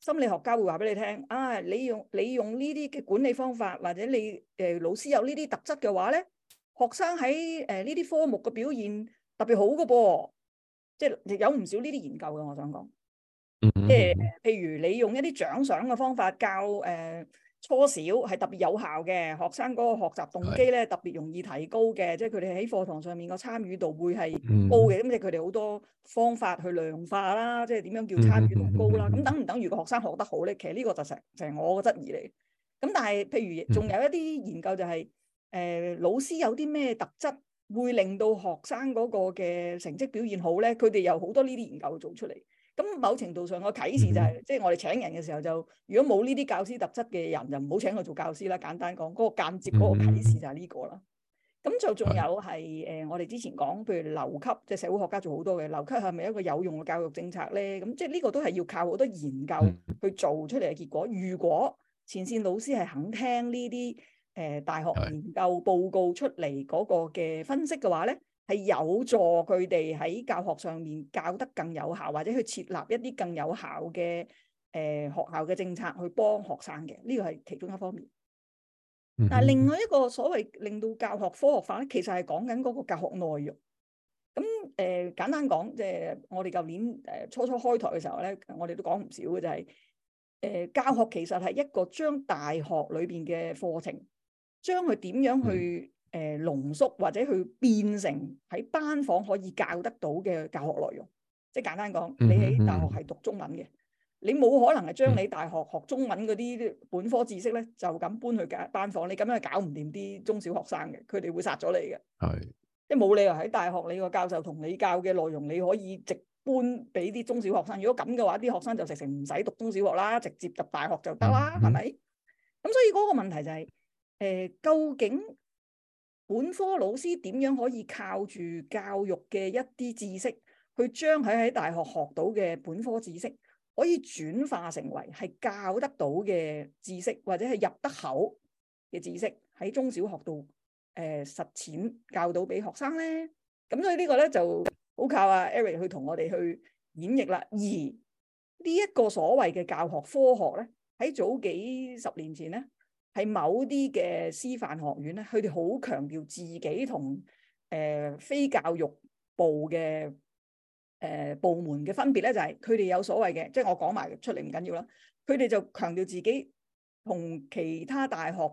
心理學家會話俾你聽，啊，你用你用呢啲嘅管理方法，或者你誒、呃、老師有呢啲特質嘅話咧，學生喺誒呢啲科目嘅表現特別好嘅噃，即係有唔少呢啲研究嘅。我想講，即、呃、係譬如你用一啲獎賞嘅方法教誒。呃初小係特別有效嘅，學生嗰個學習動機咧特別容易提高嘅，是即係佢哋喺課堂上面個參與度會係高嘅。咁、嗯、即係佢哋好多方法去量化啦，嗯、即係點樣叫參與度高啦。咁、嗯、等唔等於個學生學得好咧？其實呢個就成成係我個質疑嚟。咁但係譬如仲有一啲研究就係、是、誒、呃、老師有啲咩特質會令到學生嗰個嘅成績表現好咧？佢哋有好多呢啲研究做出嚟。咁某程度上個啟示就係、是，即係我哋請人嘅時候就，如果冇呢啲教師特質嘅人，就唔好請佢做教師啦。簡單講，嗰、那個間接嗰個啟示就係呢個啦。咁、嗯、就仲有係誒的、呃，我哋之前講，譬如留級，即係社會學家做好多嘅留級係咪一個有用嘅教育政策咧？咁即係呢個都係要靠好多研究去做出嚟嘅結果。嗯、如果前線老師係肯聽呢啲誒大學研究報告出嚟嗰個嘅分析嘅話咧，係有助佢哋喺教學上面教得更有效，或者去設立一啲更有效嘅誒、呃、學校嘅政策去幫學生嘅，呢、這個係其中一方面。但係另外一個所謂令到教學科學化咧，其實係講緊嗰個教學內容。咁誒、呃、簡單講，即、就、係、是、我哋舊年誒、呃、初初開台嘅時候咧，我哋都講唔少嘅就係、是、誒、呃、教學其實係一個將大學裏邊嘅課程，將佢點樣去、嗯。誒濃縮或者去變成喺班房可以教得到嘅教學內容，即係簡單講，mm hmm. 你喺大學係讀中文嘅，你冇可能係將你大學學中文嗰啲本科知識咧，就咁搬去教班房，你咁樣搞唔掂啲中小學生嘅，佢哋會殺咗你嘅。係、mm，hmm. 即係冇理由喺大學你個教授同你教嘅內容你可以直搬俾啲中小學生，如果咁嘅話，啲學生就直成唔使讀中小學啦，直接入大學就得啦，係咪、mm？咁、hmm. 所以嗰個問題就係、是、誒、呃，究竟本科老師點樣可以靠住教育嘅一啲知識，去將佢喺大學學到嘅本科知識，可以轉化成為係教得到嘅知識，或者係入得口嘅知識，喺中小學度誒、呃、實踐教到俾學生咧。咁所以個呢個咧就好靠啊 Eric 去同我哋去演繹啦。而呢一個所謂嘅教學科學咧，喺早幾十年前咧，係某啲嘅師範學院咧，佢哋好強調自己同誒、呃、非教育部嘅誒、呃、部門嘅分別咧，就係佢哋有所謂嘅，即係我講埋出嚟唔緊要啦。佢哋就強調自己同其他大學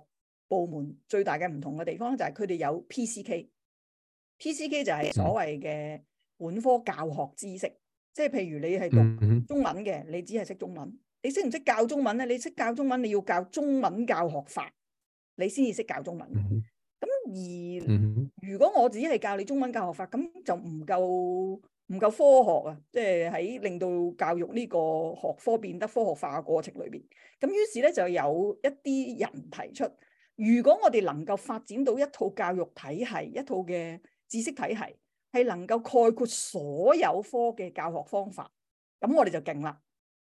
部門最大嘅唔同嘅地方，就係佢哋有 PCK，PCK 就係所謂嘅本科教學知識，嗯、即係譬如你係讀中文嘅，嗯、你只係識中文。你識唔識教中文咧？你識教中文，你要教中文教學法，你先至識教中文。咁而如果我自己係教你中文教學法，咁就唔夠唔夠科學啊！即係喺令到教育呢個學科變得科學化嘅過程裏邊，咁於是咧就有一啲人提出，如果我哋能夠發展到一套教育體系，一套嘅知識體系，係能夠概括所有科嘅教學方法，咁我哋就勁啦。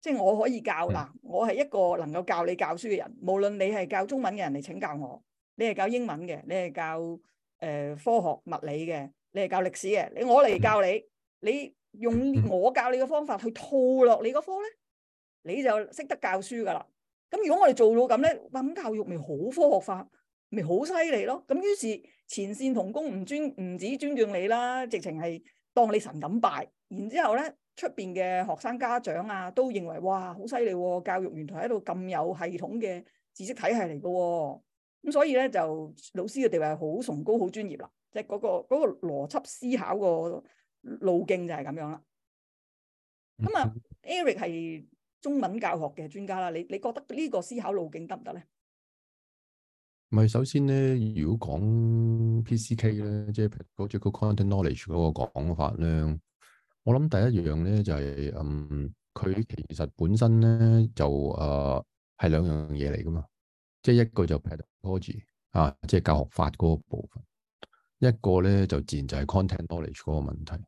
即係我可以教嗱，我係一個能夠教你教書嘅人，無論你係教中文嘅人嚟請教我，你係教英文嘅，你係教誒、呃、科學物理嘅，你係教歷史嘅，你我嚟教你，嗯、你用我教你嘅方法去套落你嗰科咧，你就識得教書噶啦。咁如果我哋做到咁咧，咁教育咪好科學化，咪好犀利咯。咁於是前線同工唔尊唔止尊敬你啦，直情係當你神咁拜。然之後咧。出邊嘅學生家長啊，都認為哇，好犀利喎！教育原來喺度咁有系統嘅知識體系嚟嘅喎，咁所以咧就老師嘅地位係好崇高、好專業啦，即係嗰個嗰、嗰個邏輯思考個路徑就係咁樣啦。咁、嗯、啊，Eric 係中文教學嘅專家啦，你你覺得呢個思考路徑得唔得咧？咪首先咧，如果講 PCK 咧，即係嗰個 content knowledge 嗰個講法咧。我諗第一樣咧就係、是，嗯，佢其實本身咧就啊係、呃、兩樣嘢嚟噶嘛，即係一個就 pedagogy 啊，即係教學法嗰個部分，一個咧就自然就係 content knowledge 嗰個問題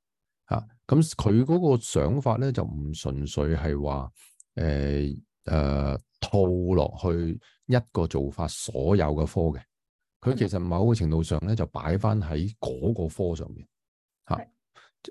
啊。咁佢嗰個想法咧就唔純粹係話誒誒套落去一個做法所有嘅科嘅，佢其實某個程度上咧就擺翻喺嗰個科上面吓。啊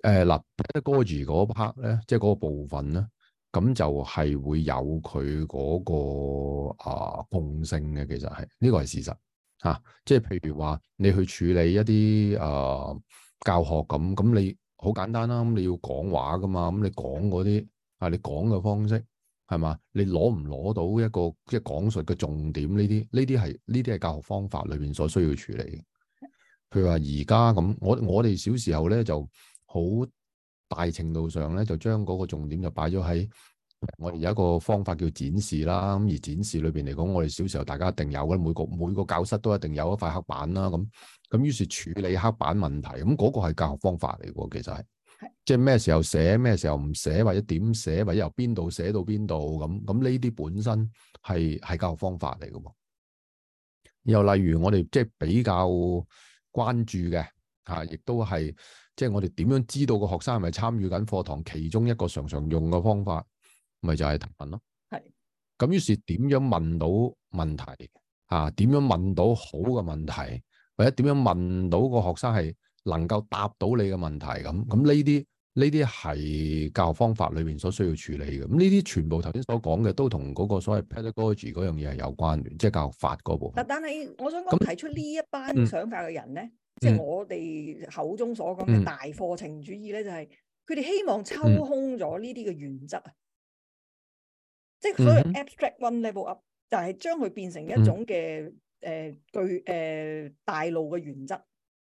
誒，嗱、呃，一歌住嗰 part 咧，即係嗰個部分咧，咁就係會有佢嗰、那個啊共性嘅，其實係呢個係事實吓、啊。即係譬如話你去處理一啲誒、啊、教學咁，咁你好簡單啦、啊，咁你要講話㗎嘛，咁你講嗰啲啊，你講嘅方式係咪，你攞唔攞到一個即係講述嘅重點呢啲？呢啲係呢啲係教學方法裏邊所需要處理嘅。譬如話而家咁，我我哋小時候咧就。好大程度上咧，就將嗰個重點就擺咗喺我哋有一個方法叫展示啦。咁而展示裏邊嚟講，我哋小時候大家一定有嘅，每個每個教室都一定有一塊黑板啦。咁咁於是處理黑板問題咁嗰個係教學方法嚟㗎。其實係即係咩時候寫，咩時候唔寫，或者點寫，或者由邊度寫到邊度。咁咁呢啲本身係係教學方法嚟㗎。又例如我哋即係比較關注嘅嚇，亦都係。即係我哋點樣知道個學生係咪參與緊課堂？其中一個常常用嘅方法，咪就係提問咯。係咁是，於是點樣問到問題啊？點樣問到好嘅問題，或者點樣問到個學生係能夠答到你嘅問題咁？咁呢啲呢啲係教育方法裏面所需要處理嘅。咁呢啲全部頭先所講嘅都同嗰個所謂 pedagogy 嗰樣嘢係有關聯，即係教育法嗰部分。但係我想講提出呢一班想法嘅人咧。嗯即係我哋口中所講嘅大課程主義咧，嗯、就係佢哋希望抽空咗呢啲嘅原則啊，嗯、即係所謂 abstract one level up，就係將佢變成一種嘅誒具誒大路嘅原則，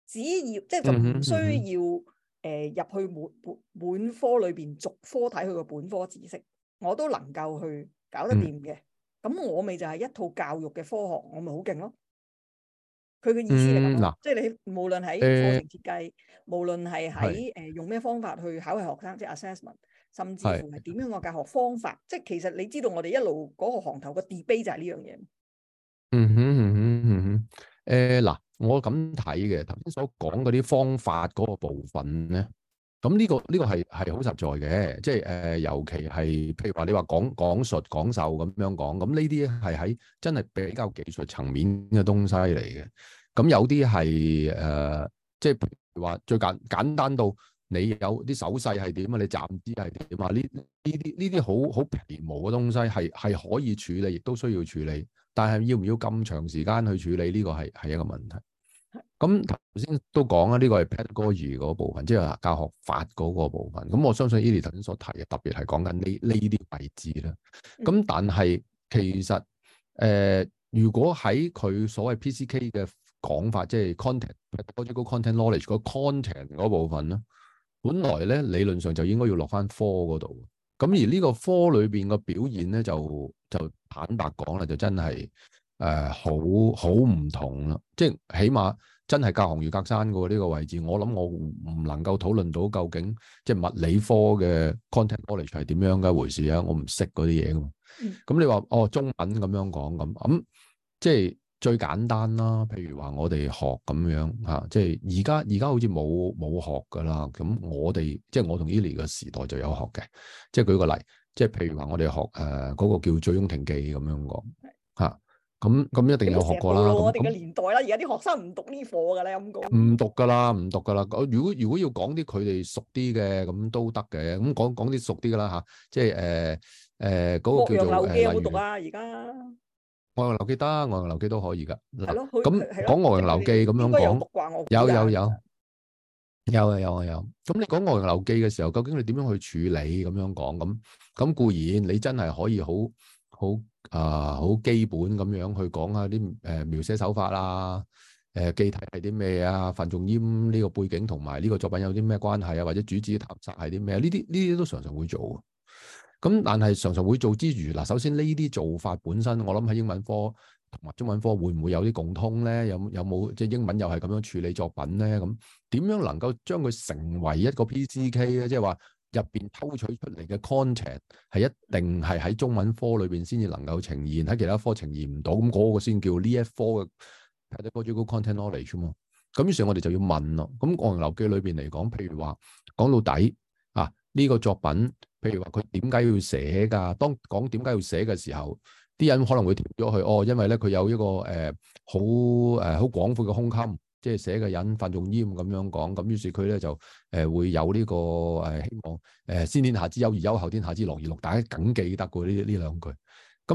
只要即係就唔需要誒、嗯呃、入去滿滿科裏邊逐科睇佢個本科知識，我都能夠去搞得掂嘅。咁、嗯、我咪就係一套教育嘅科學，我咪好勁咯。佢嘅意思係咁，嗯、即係你無論喺課程設計，呃、無論係喺誒用咩方法去考核學生，即係 assessment，甚至乎係點樣個教學方法，是即係其實你知道我哋一路嗰個行頭嘅個 debate 就係呢樣嘢。嗯哼嗯哼嗯哼，誒、呃、嗱，我咁睇嘅，頭先所講嗰啲方法嗰個部分咧。咁呢個呢個係係好實在嘅，即係誒、呃，尤其係譬如話你話講講述講授咁樣講，咁呢啲係喺真係比較技術層面嘅東西嚟嘅。咁有啲係誒，即係譬如話最簡簡單到你有啲手勢係點啊，你站姿係點啊，呢呢啲呢啲好好皮毛嘅東西係係可以處理，亦都需要處理，但係要唔要咁長時間去處理，呢個係係一個問題。咁頭先都講啦，呢、這個係 Pedagogy 嗰部分，即係教學法嗰個部分。咁我相信 Eddy 頭先所提嘅，特別係講緊呢呢啲位置啦。咁但係其實誒、呃，如果喺佢所謂 PCK 嘅講法，即係 content pedagogical content knowledge 個 content 嗰部分咧，本來咧理論上就應該要落返科嗰度。咁而呢個科裏邊嘅表現咧，就就坦白講啦，就真係誒、呃、好好唔同啦。即係起碼。真係隔行如隔山嘅呢、呢個位置我諗我唔能夠討論到究竟即係物理科嘅 content knowledge 係點樣嘅一回事啊！我唔識嗰啲嘢嘅嘛。咁、嗯嗯、你話哦中文咁樣講，咁咁即係最簡單啦。譬如話我哋學咁樣嚇、啊，即係而家而家好似冇冇學嘅啦。咁我哋即係我同 Eli 嘅時代就有學嘅。即係舉個例，即係譬如話我哋學誒嗰、呃嗰個叫《醉翁亭記》咁樣講。咁咁一定有學過啦。我哋嘅那年代啦，而家啲學生唔讀呢課噶咧，咁講唔讀噶啦，唔讀噶啦。如果如果要講啲佢哋熟啲嘅，咁都得嘅。咁講講啲熟啲嘅啦吓，即係誒誒嗰個叫做、呃、例如我讀啊，而家《岳陽樓記》有得，《岳陽樓記》都可以噶。係咯，咁講《岳陽樓記》咁樣講，有有有有啊有啊有。咁你講《岳陽樓記》嘅時候，究竟你點樣去處理咁樣講？咁咁固然你真係可以好好。呃呃、啊，好基本咁樣去講下啲誒描寫手法啦，誒記體係啲咩啊？范仲淹呢個背景同埋呢個作品有啲咩關係啊？或者主旨嘅探察係啲咩啊？呢啲呢啲都常常會做嘅。咁但係常常會做之餘，嗱，首先呢啲做法本身，我諗喺英文科同埋中文科會唔會有啲共通咧？有有冇即係英文又係咁樣處理作品咧？咁點樣能夠將佢成為一個 PCK 咧？即係話。入邊偷取出嚟嘅 content 係一定係喺中文科裏邊先至能夠呈現，喺其他科呈現唔到，咁嗰個先叫呢一科嘅 pedagogical content knowledge 嘛。咁於是，我哋就要問咯。咁《岳陽樓記》裏邊嚟講，譬如話講到底啊，呢個作品，譬如話佢點解要寫㗎？當講點解要寫嘅時候，啲人可能會跳咗去，哦，因為咧佢有一個誒好誒好廣闊嘅胸襟。即係寫嘅人范仲淹咁樣講，咁於是佢咧就誒、呃、會有呢、這個誒、呃、希望誒、呃、先天下之憂而憂，後天下之樂而樂。大家梗記得過呢呢兩句。咁、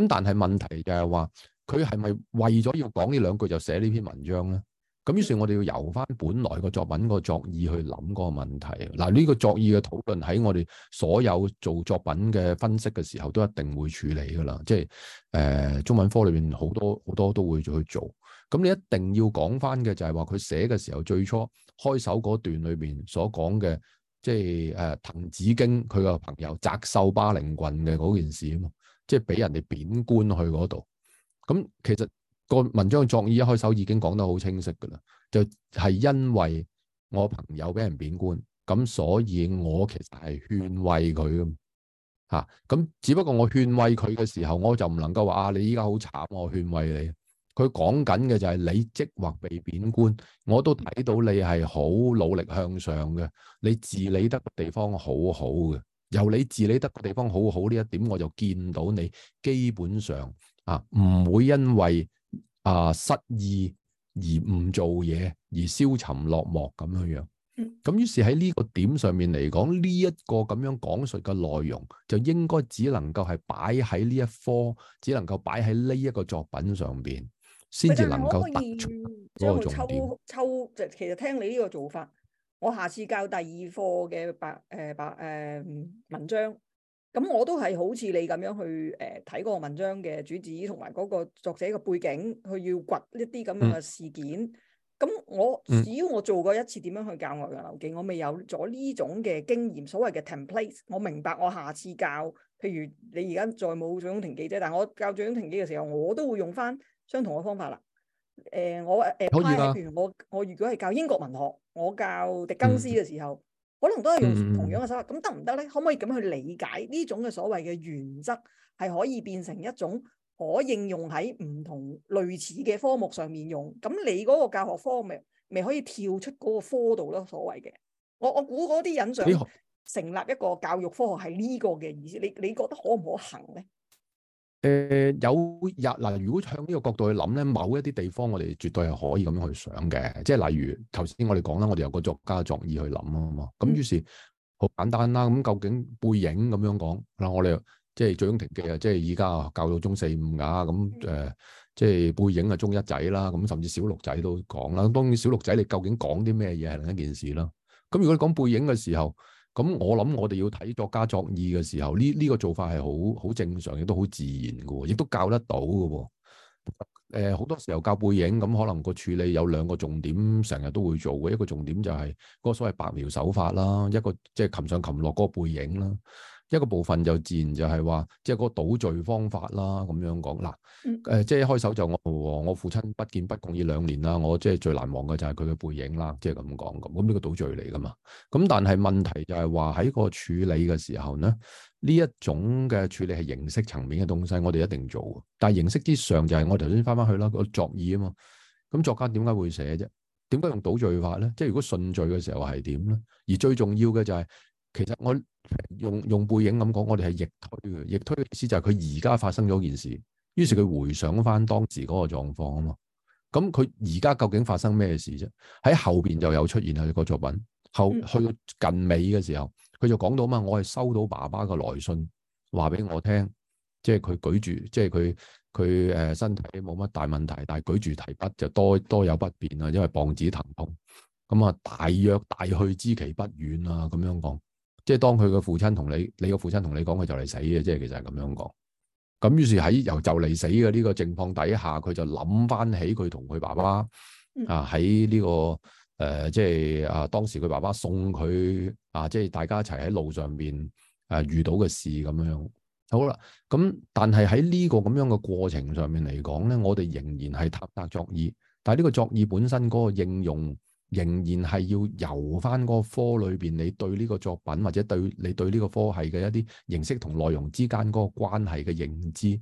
嗯、但係問題就係話佢係咪為咗要講呢兩句就寫呢篇文章咧？咁、嗯、於是，我哋要由翻本來個作品個作意去諗個問題。嗱、呃、呢、這個作意嘅討論喺我哋所有做作品嘅分析嘅時候都一定會處理噶啦。即係誒、呃、中文科裏邊好多好多都會去做。咁你一定要講翻嘅就係話佢寫嘅時候最初開首嗰段裏面所講嘅、就是，即係誒滕子京佢個朋友謫守巴陵郡嘅嗰件事啊嘛，即係俾人哋貶官去嗰度。咁其實個文章作意一開首已經講得好清晰㗎啦，就係、是、因為我朋友俾人貶官，咁所以我其實係勸慰佢啊嘛。咁只不過我勸慰佢嘅時候，我就唔能夠話啊你依家好慘，我勸慰你。佢講緊嘅就係你即或被貶官，我都睇到你係好努力向上嘅。你治理得個地方好好嘅，由你治理得個地方好好呢一點，我就見到你基本上啊唔會因為啊、呃、失意而唔做嘢而消沉落寞咁樣樣。咁於是喺呢個點上面嚟講，呢、這、一個咁樣講述嘅內容，就應該只能夠係擺喺呢一科，只能夠擺喺呢一個作品上邊。先至能夠突出嗰抽，就其實聽你呢個做法，我下次教第二課嘅白誒白誒文章，咁我都係好似你咁樣去誒睇嗰個文章嘅主旨，同埋嗰個作者嘅背景，去要掘一啲咁嘅事件。咁、嗯、我只要我做過一次，點樣去教外嘅流記，嗯、我未有咗呢種嘅經驗，所謂嘅 template，我明白我下次教，譬如你而家再冇醉翁亭記啫，但係我教醉翁亭記嘅時候，我都會用翻。相同嘅方法啦，誒、呃、我誒，譬如我我如果係教英國文學，我教狄更斯嘅時候，嗯、可能都係用同樣嘅手法，咁得唔得咧？可唔可以咁去理解呢種嘅所謂嘅原則，係可以變成一種可應用喺唔同類似嘅科目上面用？咁你嗰個教學科目咪可以跳出嗰個科度咯？所謂嘅，我我估嗰啲人想，成立一個教育科學係呢個嘅意思，你你覺得可唔可行咧？誒、呃，有日嗱、啊，如果向呢個角度去諗咧，某一啲地方我哋絕對係可以咁樣去想嘅。即係例如頭先我哋講啦，我哋有個作家作意去諗啊嘛，咁於是好簡單啦，咁究竟背影咁樣講嗱、啊，我哋即係最終停記啊，即係而家教到中四五噶。咁誒、呃，即係背影啊，中一仔啦，咁甚至小六仔都講啦，當然小六仔你究竟講啲咩嘢係另一件事啦，咁如果你講背影嘅時候。咁、嗯、我諗我哋要睇作家作意嘅時候，呢呢、這個做法係好好正常，亦都好自然嘅喎，亦都教得到嘅喎。呃、好多時候教背影，咁、嗯、可能個處理有兩個重點，成日都會做嘅。一個重點就係嗰個所謂白描手法啦，一個即係擒上擒落嗰個背影啦。一個部分就自然就係話，即係嗰個倒敘方法啦，咁樣講啦，誒、呃，即係一開手就我，我父親不見不共已兩年啦，我即係最難忘嘅就係佢嘅背影啦，即係咁講咁，咁呢、這個倒敘嚟㗎嘛，咁但係問題就係話喺個處理嘅時候咧，呢一種嘅處理係形式層面嘅東西，我哋一定做，但係形式之上就係、是、我頭先返返去啦、那個作意啊嘛，咁作家點解會寫啫？點解用倒敘法咧？即係如果順序嘅時候係點咧？而最重要嘅就係、是。其實我用用背影咁講，我哋係逆推嘅。逆推意思就係佢而家發生咗件事，於是佢回想翻當時嗰個狀況啊嘛。咁佢而家究竟發生咩事啫？喺後邊就有出現喺個作品後，去到近尾嘅時候，佢就講到啊嘛，我係收到爸爸嘅來信，話俾我聽，即係佢舉住，即係佢佢誒身體冇乜大問題，但係舉住提筆就多多有不便啊，因為膀子疼痛。咁啊，大約大去之期不遠啊，咁樣講。即係當佢個父親同你，你個父親同你講佢就嚟死嘅，即係其實係咁樣講。咁於是喺由就嚟死嘅呢個情況底下，佢就諗翻起佢同佢爸爸、嗯、啊喺呢、這個誒、呃，即係啊當時佢爸爸送佢啊，即係大家一齊喺路上邊啊遇到嘅事咁樣。好啦，咁、嗯、但係喺呢個咁樣嘅過程上面嚟講咧，我哋仍然係探察作義，但係呢個作義本身嗰個應用。仍然係要由翻嗰個科裏邊，你對呢個作品或者對你對呢個科系嘅一啲形式同內容之間嗰個關係嘅認知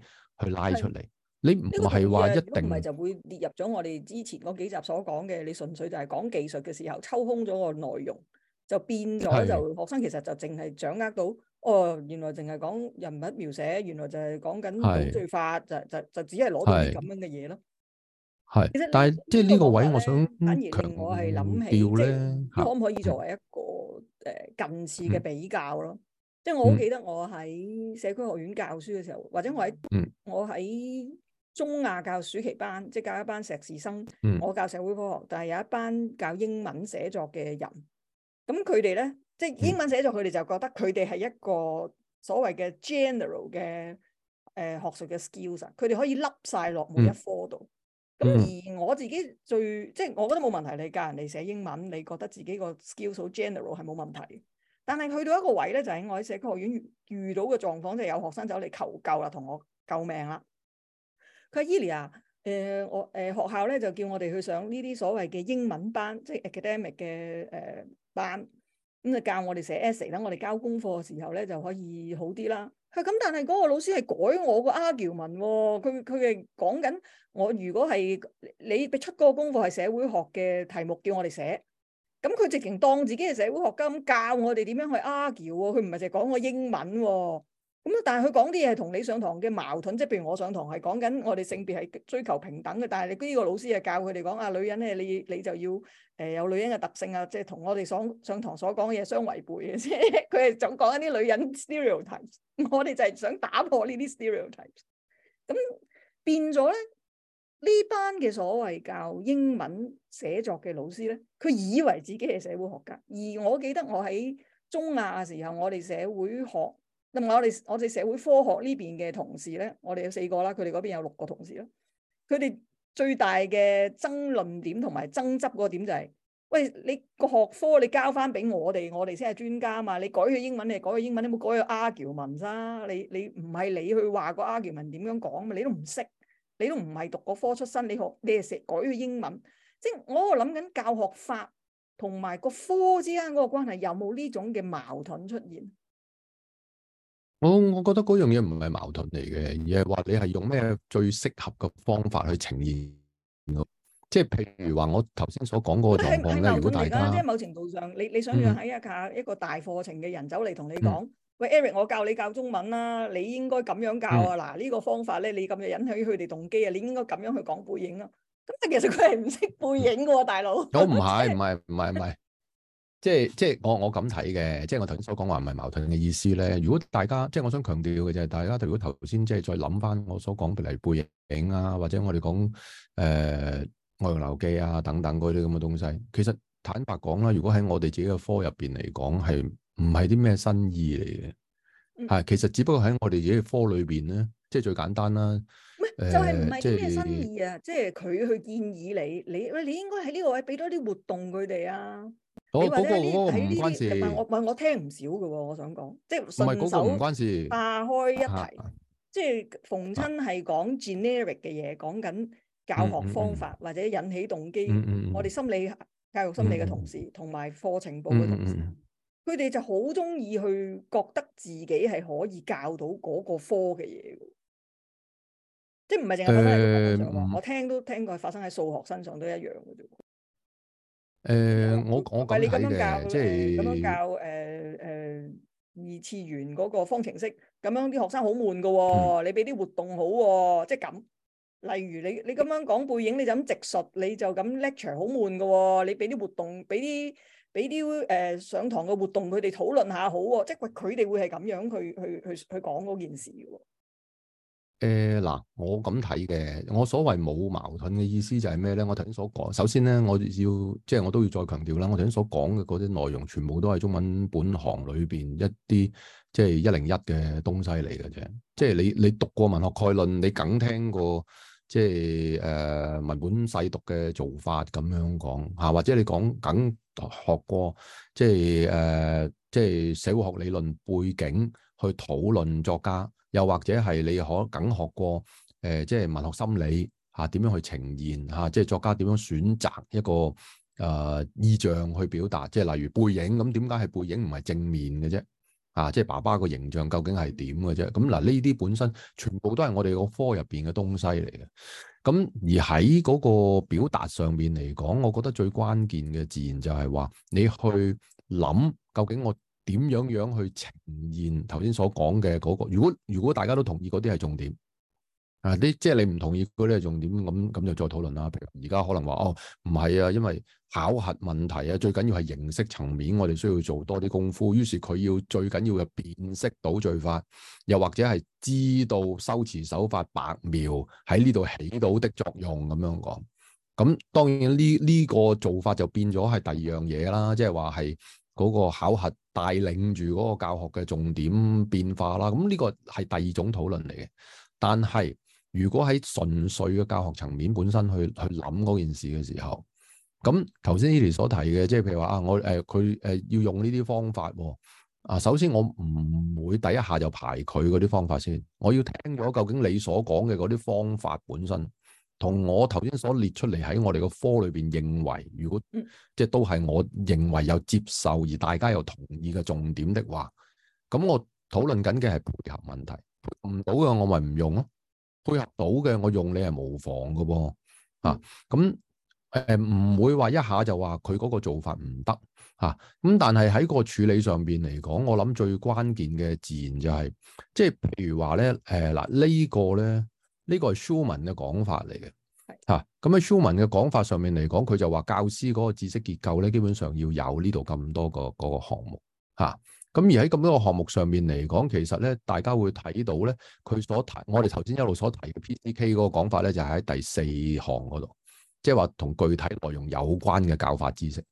去拉出嚟。的你唔係話一定唔、啊、就會列入咗我哋之前嗰幾集所講嘅。你純粹就係講技術嘅時候抽空咗個內容，就變咗就的學生其實就淨係掌握到哦，原來淨係講人物描寫，原來就係講緊修辭法，就就就只係攞到啲咁樣嘅嘢咯。係，其實但係即係呢個位，我想反而我係諗起，即係可唔可以作為一個誒近似嘅比較咯？即係我好記得我喺社區學院教書嘅時候，或者我喺我喺中亞教暑期班，即係教一班碩士生，我教社會科學，但係有一班教英文寫作嘅人，咁佢哋咧，即係英文寫作，佢哋就覺得佢哋係一個所謂嘅 general 嘅誒學術嘅 skills 啊，佢哋可以笠晒落每一科度。咁、嗯、而我自己最即係，就是、我覺得冇問題。你教人哋寫英文，你覺得自己個 skill 好 general 係冇問題。但係去到一個位咧，就喺、是、我喺社區學院遇到嘅狀況，就係、是、有學生走嚟求救啦，同我救命啦。佢話：Eli 啊，誒、呃、我誒、呃、學校咧就叫我哋去上呢啲所謂嘅英文班，即、就、係、是、academic 嘅誒、呃、班，咁就教我哋寫 essay 等我哋交功課嘅時候咧就可以好啲啦。咁，但係嗰個老師係改我個 argue 文喎、哦，佢佢係講緊我如果係你出個功課係社會學嘅題目叫我哋寫，咁佢直情當自己係社會學家咁教我哋點樣去 argue 喎，佢唔係淨係講個英文喎、哦。咁但係佢講啲嘢係同你上堂嘅矛盾，即係譬如我上堂係講緊我哋性別係追求平等嘅，但係你呢個老師係教佢哋講啊，女人咧你你就要誒有女人嘅特性啊，即係同我哋所上堂所講嘅嘢相違背嘅啫。佢係總講一啲女人 stereotypes，我哋就係想打破呢啲 stereotypes。咁變咗咧，呢班嘅所謂教英文寫作嘅老師咧，佢以為自己係社會學家，而我記得我喺中亞嘅時候，我哋社會學。我哋我哋社會科學呢邊嘅同事咧，我哋有四個啦，佢哋嗰邊有六個同事啦。佢哋最大嘅爭論點同埋爭執個點就係：喂，你個學科你交翻俾我哋，我哋先係專家嘛。你改佢英文，你改佢英文你冇改個 argument 啦。你、你唔係你，你去話個 argument 點樣講嘛？你都唔識，你都唔係讀個科出身，你學你係成日改佢英文。即係我諗緊教學法同埋個科之間嗰個關係，有冇呢種嘅矛盾出現？我我覺得嗰樣嘢唔係矛盾嚟嘅，而係話你係用咩最適合嘅方法去呈現咯。即係譬如話我頭先所講嗰個狀況咧，如果大家即係某程度上，你你想像喺一個一個大課程嘅人走嚟同你講，喂 Eric，我教你教中文啦，你應該咁樣教啊。嗱呢個方法咧，你咁樣引起佢哋動機啊。你應該咁樣去講背影啊。咁但係其實佢係唔識背影嘅喎，大佬。我唔係，唔係，唔係，唔係。即係即係我我咁睇嘅，即係我頭先所講話唔係矛盾嘅意思咧。如果大家即係我想強調嘅就係，大家如果頭先即係再諗翻我所講，譬如背影啊，或者我哋講誒岳陽樓記啊等等嗰啲咁嘅東西，其實坦白講啦，如果喺我哋自己嘅科入邊嚟講，係唔係啲咩新意嚟嘅？係、嗯、其實只不過喺我哋自己嘅科裏邊咧，即係最簡單啦。唔、嗯、就係唔係啲咩新意啊？呃就是、即係佢去建議你，你喂你應該喺呢個位俾多啲活動佢哋啊。你話呢啲唔關事，唔係我，唔係我聽唔少嘅喎。我想講，即係順手霸開一題，即係逢親係講 generic 嘅嘢，講緊教學方法或者引起動機。我哋心理教育、心理嘅同事同埋課程部嘅同事，佢哋就好中意去覺得自己係可以教到嗰個科嘅嘢，即係唔係淨係我聽都聽過，發生喺數學身上都一樣嘅啫。誒、嗯嗯、我我覺得係，即係咁樣教誒誒是、呃呃、二次元嗰個方程式，咁樣啲學生好悶㗎喎、哦。嗯、你俾啲活動好喎、哦，即係咁。例如你你咁樣講背影，你就咁直述，你就咁 lecture 好悶㗎喎、哦。你俾啲活動，俾啲俾啲誒上堂嘅活動，佢哋討論下好喎、哦。即係佢哋會係咁樣去去去去，去講嗰件事㗎喎。誒嗱、呃，我咁睇嘅，我所謂冇矛盾嘅意思就係咩咧？我頭先所講，首先咧，我要即係我都要再強調啦。我頭先所講嘅嗰啲內容，全部都係中文本行裏邊一啲即係一零一嘅東西嚟嘅啫。即係你你讀過文學概論，你梗聽過即係誒、呃、文本細讀嘅做法咁樣講吓、啊，或者你講梗學過即係誒、呃、即係社會學理論背景去討論作家。又或者係你可梗學過誒、呃，即係文學心理吓，點、啊、樣去呈現吓、啊，即係作家點樣選擇一個誒、呃、意象去表達，即係例如背影咁，點解係背影唔係正面嘅啫？啊，即係爸爸個形象究竟係點嘅啫？咁、啊、嗱，呢啲本身全部都係我哋個科入邊嘅東西嚟嘅。咁、啊、而喺嗰個表達上面嚟講，我覺得最關鍵嘅自然就係話你去諗究竟我。點樣樣去呈現頭先所講嘅嗰個？如果如果大家都同意嗰啲係重點，啊，啲即係你唔同意嗰啲係重點，咁咁就再討論啦。譬如而家可能話哦，唔係啊，因為考核問題啊，最緊要係形式層面，我哋需要做多啲功夫。於是佢要最緊要嘅辨識到罪法，又或者係知道修辭手法白描喺呢度起到的作用咁樣講。咁當然呢呢個做法就變咗係第二樣嘢啦，即係話係。嗰個考核帶領住嗰個教學嘅重點變化啦，咁呢個係第二種討論嚟嘅。但係如果喺純粹嘅教學層面本身去去諗嗰件事嘅時候，咁頭先 Eli 所提嘅，即係譬如話啊，我誒佢誒要用呢啲方法喎、哦，啊首先我唔會第一下就排佢嗰啲方法先，我要聽咗究竟你所講嘅嗰啲方法本身。同我頭先所列出嚟喺我哋個科裏邊認為，如果即係都係我認為有接受而大家又同意嘅重點的話，咁我討論緊嘅係配合問題。配合唔到嘅我咪唔用咯，配合到嘅我用你係無妨㗎噃啊。咁誒唔會話一下就話佢嗰個做法唔得嚇。咁、啊、但係喺個處理上邊嚟講，我諗最關鍵嘅自然就係、是、即係譬如話咧誒嗱呢、呃呢個咧。呢個係 Shulman 嘅講法嚟嘅，嚇咁喺 Shulman 嘅講法上面嚟講，佢就話教師嗰個知識結構咧，基本上要有呢度咁多個嗰、那個項目，嚇、啊、咁而喺咁多個項目上面嚟講，其實咧大家會睇到咧，佢所提我哋頭先一路所提嘅 PCK 嗰個講法咧，就喺、是、第四項嗰度，即係話同具體內容有關嘅教法知識。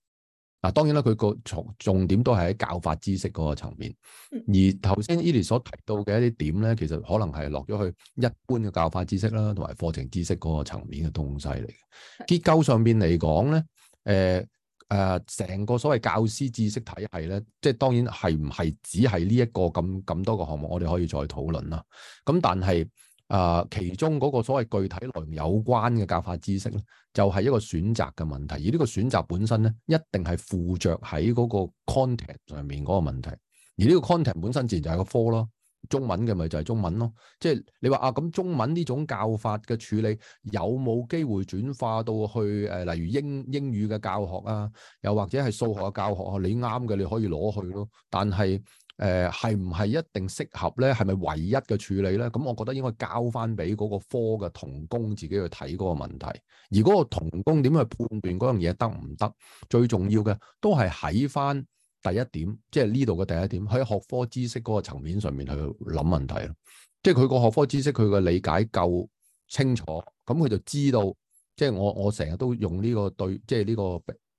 嗱，當然啦，佢個重重點都係喺教法知識嗰個層面，嗯、而頭先 Eli 所提到嘅一啲點咧，其實可能係落咗去一般嘅教法知識啦，同埋課程知識嗰個層面嘅東西嚟嘅。的結構上邊嚟講咧，誒、呃、誒，成、呃、個所謂教師知識體系咧，即、就、係、是、當然係唔係只係呢一個咁咁多個項目，我哋可以再討論啦。咁但係，啊、呃，其中嗰個所謂具體內容有關嘅教法知識咧，就係、是、一個選擇嘅問題，而呢個選擇本身咧，一定係附着喺嗰個 content 上面嗰個問題，而呢個 content 本身自然就係個科咯，中文嘅咪就係中文咯，即係你話啊，咁中文呢種教法嘅處理有冇機會轉化到去誒、呃，例如英英語嘅教學啊，又或者係數學嘅教學啊，你啱嘅你可以攞去咯，但係。誒，係唔係一定適合咧？係咪唯一嘅處理咧？咁、嗯、我覺得應該交翻俾嗰個科嘅同工自己去睇嗰個問題。而嗰個同工點去判斷嗰樣嘢得唔得？最重要嘅都係喺翻第一點，即係呢度嘅第一點，喺學科知識嗰個層面上面去諗問題咯。即係佢個學科知識佢個理解夠清楚，咁、嗯、佢就知道。即係我我成日都用呢個對，即係呢個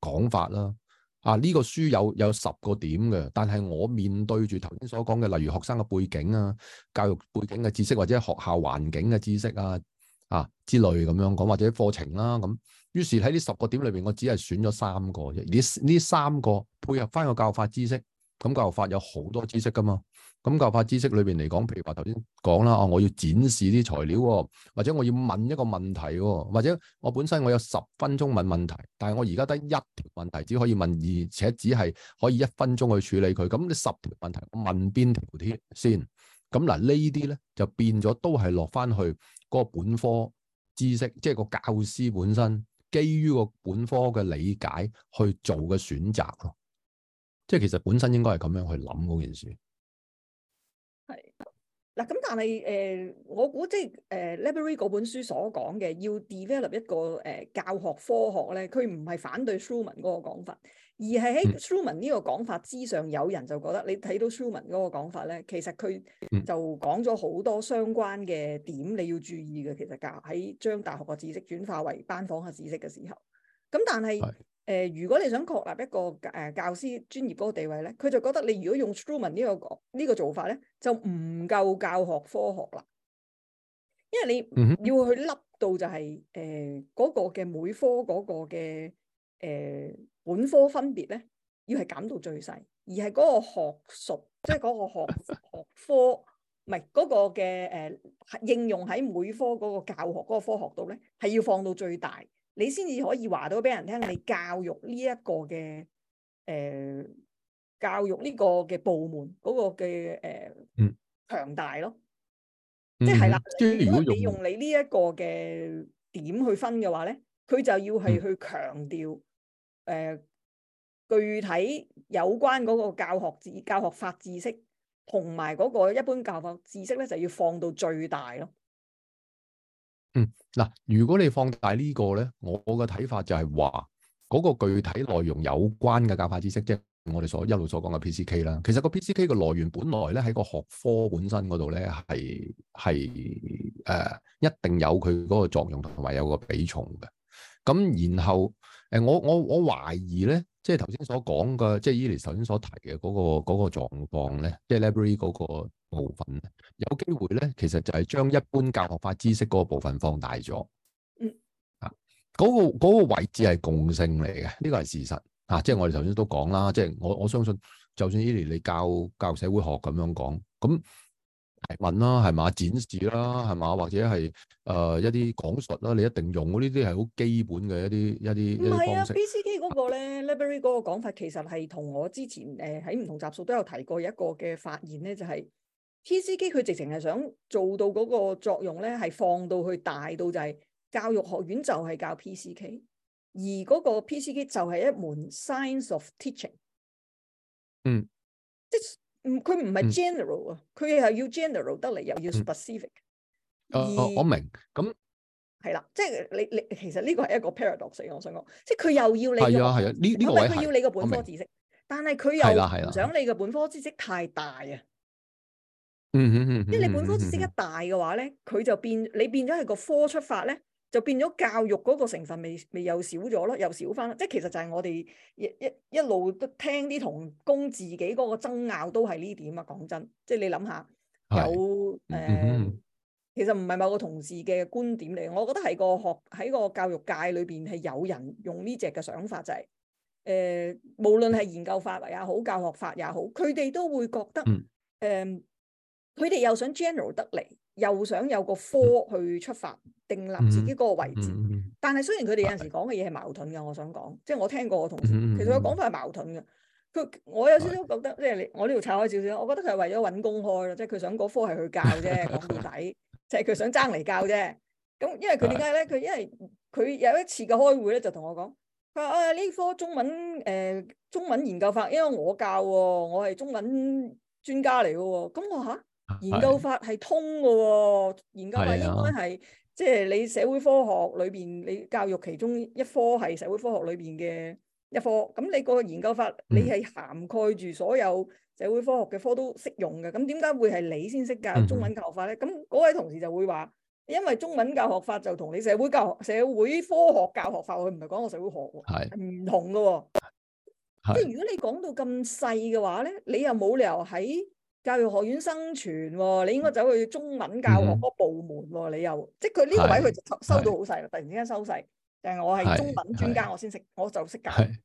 講法啦。啊！呢，這個書有有十個點嘅。但係我面對住頭先所講嘅，例如學生嘅背景啊、教育背景嘅知識或者學校環境嘅知識啊、啊之類咁樣講，或者課程啦、啊、咁，於、嗯、是喺呢十個點裏邊，我只係選咗三個啫。而呢呢三個配合返個教學法知識，咁、嗯、教學法有好多知識㗎嘛。咁教法知識裏邊嚟講，譬如話頭先講啦，啊，我要展示啲材料，或者我要問一個問題，或者我本身我有十分鐘問問題，但係我而家得一條問題，只可以問，而且只係可以一分鐘去處理佢。咁你十條問題，問邊條添先？咁嗱呢啲咧就變咗都係落翻去嗰個本科知識，即係個教師本身基於個本科嘅理解去做嘅選擇咯。即係其實本身應該係咁樣去諗嗰件事。嗱咁，但係誒、呃，我估即係誒、呃、Levery 嗰本書所講嘅，要 develop 一個誒、呃、教學科學咧，佢唔係反對 Sullivan 嗰個講法，而係喺 Sullivan 呢個講法之上，嗯、有人就覺得你睇到 Sullivan 嗰個講法咧，其實佢就講咗好多相關嘅點你要注意嘅。其實教喺將大學嘅知識轉化為班房嘅知識嘅時候，咁但係。誒、呃，如果你想確立一個誒、呃、教師專業嗰個地位咧，佢就覺得你如果用 Shulman 呢、呢個呢、呢個做法咧，就唔夠教學科學啦。因為你要去粒到就係誒嗰個嘅每科嗰個嘅誒、呃、本科分別咧，要係減到最細，而係嗰個學術，即係嗰個學， 學科，唔係嗰個嘅誒、呃、應用喺每科嗰個教學嗰、嗰個科學度咧，係要放到最大。你先至可以話到俾人聽，你教育呢一個嘅誒、呃、教育呢個嘅部門嗰個嘅誒、呃、強大咯，即係啦。如果用你用你呢一個嘅點去分嘅話咧，佢就要係去強調誒、嗯呃、具體有關嗰個教學智、教學法知識同埋嗰個一般教學知識咧，就要放到最大咯。嗯，嗱，如果你放大個呢個咧，我個睇法就係話嗰個具體內容有關嘅教化知識，即係我哋所一路所講嘅 PCK 啦。其實個 PCK 嘅來源本來咧喺個學科本身嗰度咧，係係誒一定有佢嗰個作用同埋有個比重嘅。咁然後誒、呃，我我我懷疑咧，即係頭先所講嘅，即係 Eli 頭先所提嘅嗰個嗰個狀況咧，即係 library 嗰個。那個那個部分有機會咧，其實就係將一般教學法知識嗰個部分放大咗，這個啊。嗯，啊，嗰個位置係共性嚟嘅，呢個係事實啊！即係我哋頭先都講啦，即係我我相信，就算依年你教教育社會學咁樣講，咁提問啦，係嘛？展示啦，啊，係嘛？或者係誒、呃、一啲講述啦，啊，你一定用呢啲係好基本嘅一啲一啲。唔係啊，B C K 嗰個咧，Library 嗰個講法其實係同我之前誒喺唔同集數都有提過，一個嘅發現咧，就係，是。P.C.K 佢直情係想做到嗰個作用咧，係放到去大到就係教育學院就係教 P.C.K，而嗰個 P.C.K 就係一門 science of teaching。嗯，即係唔佢唔係 general 啊，佢係要 general 得嚟，又要 specific。誒，我明咁。係啦，即係你你其實呢個係一個 paradox。我想講，即係佢又要你係啊係啊，呢呢個係佢要你個本科知識，但係佢又唔想你嘅本科知識太大啊。嗯嗯嗯，即係 你本科即一大嘅話咧，佢就變你變咗係個科出發咧，就變咗教育嗰個成分未未又少咗咯，又少返。即係其實就係我哋一一一路都聽啲同工自己嗰個爭拗都係呢點啊！講真，即係你諗下有誒、 呃，其實唔係某個同事嘅觀點嚟，我覺得係個學喺個教育界裏邊係有人用呢隻嘅想法就係、是、誒、呃，無論係研究法也好，教學法也好，佢哋都會覺得誒。呃佢哋又想 general 得嚟，又想有個科去出發，定立自己嗰個位置。但係雖然佢哋有陣時講嘅嘢係矛盾嘅，我想講，即係我聽過我同事，其實佢講法係矛盾嘅。佢我有少少覺得，即係你我呢度岔開少少，我覺得佢係為咗揾工開咯，即係佢想嗰科係去教啫，講到底，即係佢想爭嚟教啫。咁因為佢點解咧？佢的因為佢有一次嘅開會咧，就同我講，佢話啊呢科中文誒、呃、中文研究法，因為我教喎、啊，我係中文專家嚟嘅喎，咁我嚇？啊啊研究法係通嘅。哦，研究法應該係的即係你社會科學裏邊，你教育其中一科係社會科學裏邊嘅一科。咁你個研究法，嗯、你係涵蓋住所有社會科學嘅科都適用嘅。咁點解會係你先識教中文教學法咧？咁嗰、嗯、位同事就會話，因為中文教學法就同你社會教社會科學教學法，佢唔係講個社會學喎，係唔是同嘅。即係如果你講到咁細嘅話咧，你又冇理由喺。教育學院生存，你應該走去中文教學嗰部門喎。嗯、你又即係佢呢個位，佢收到好細啦，是突然之間收細。但係我係中文專家，是我先識，我就識教。咁是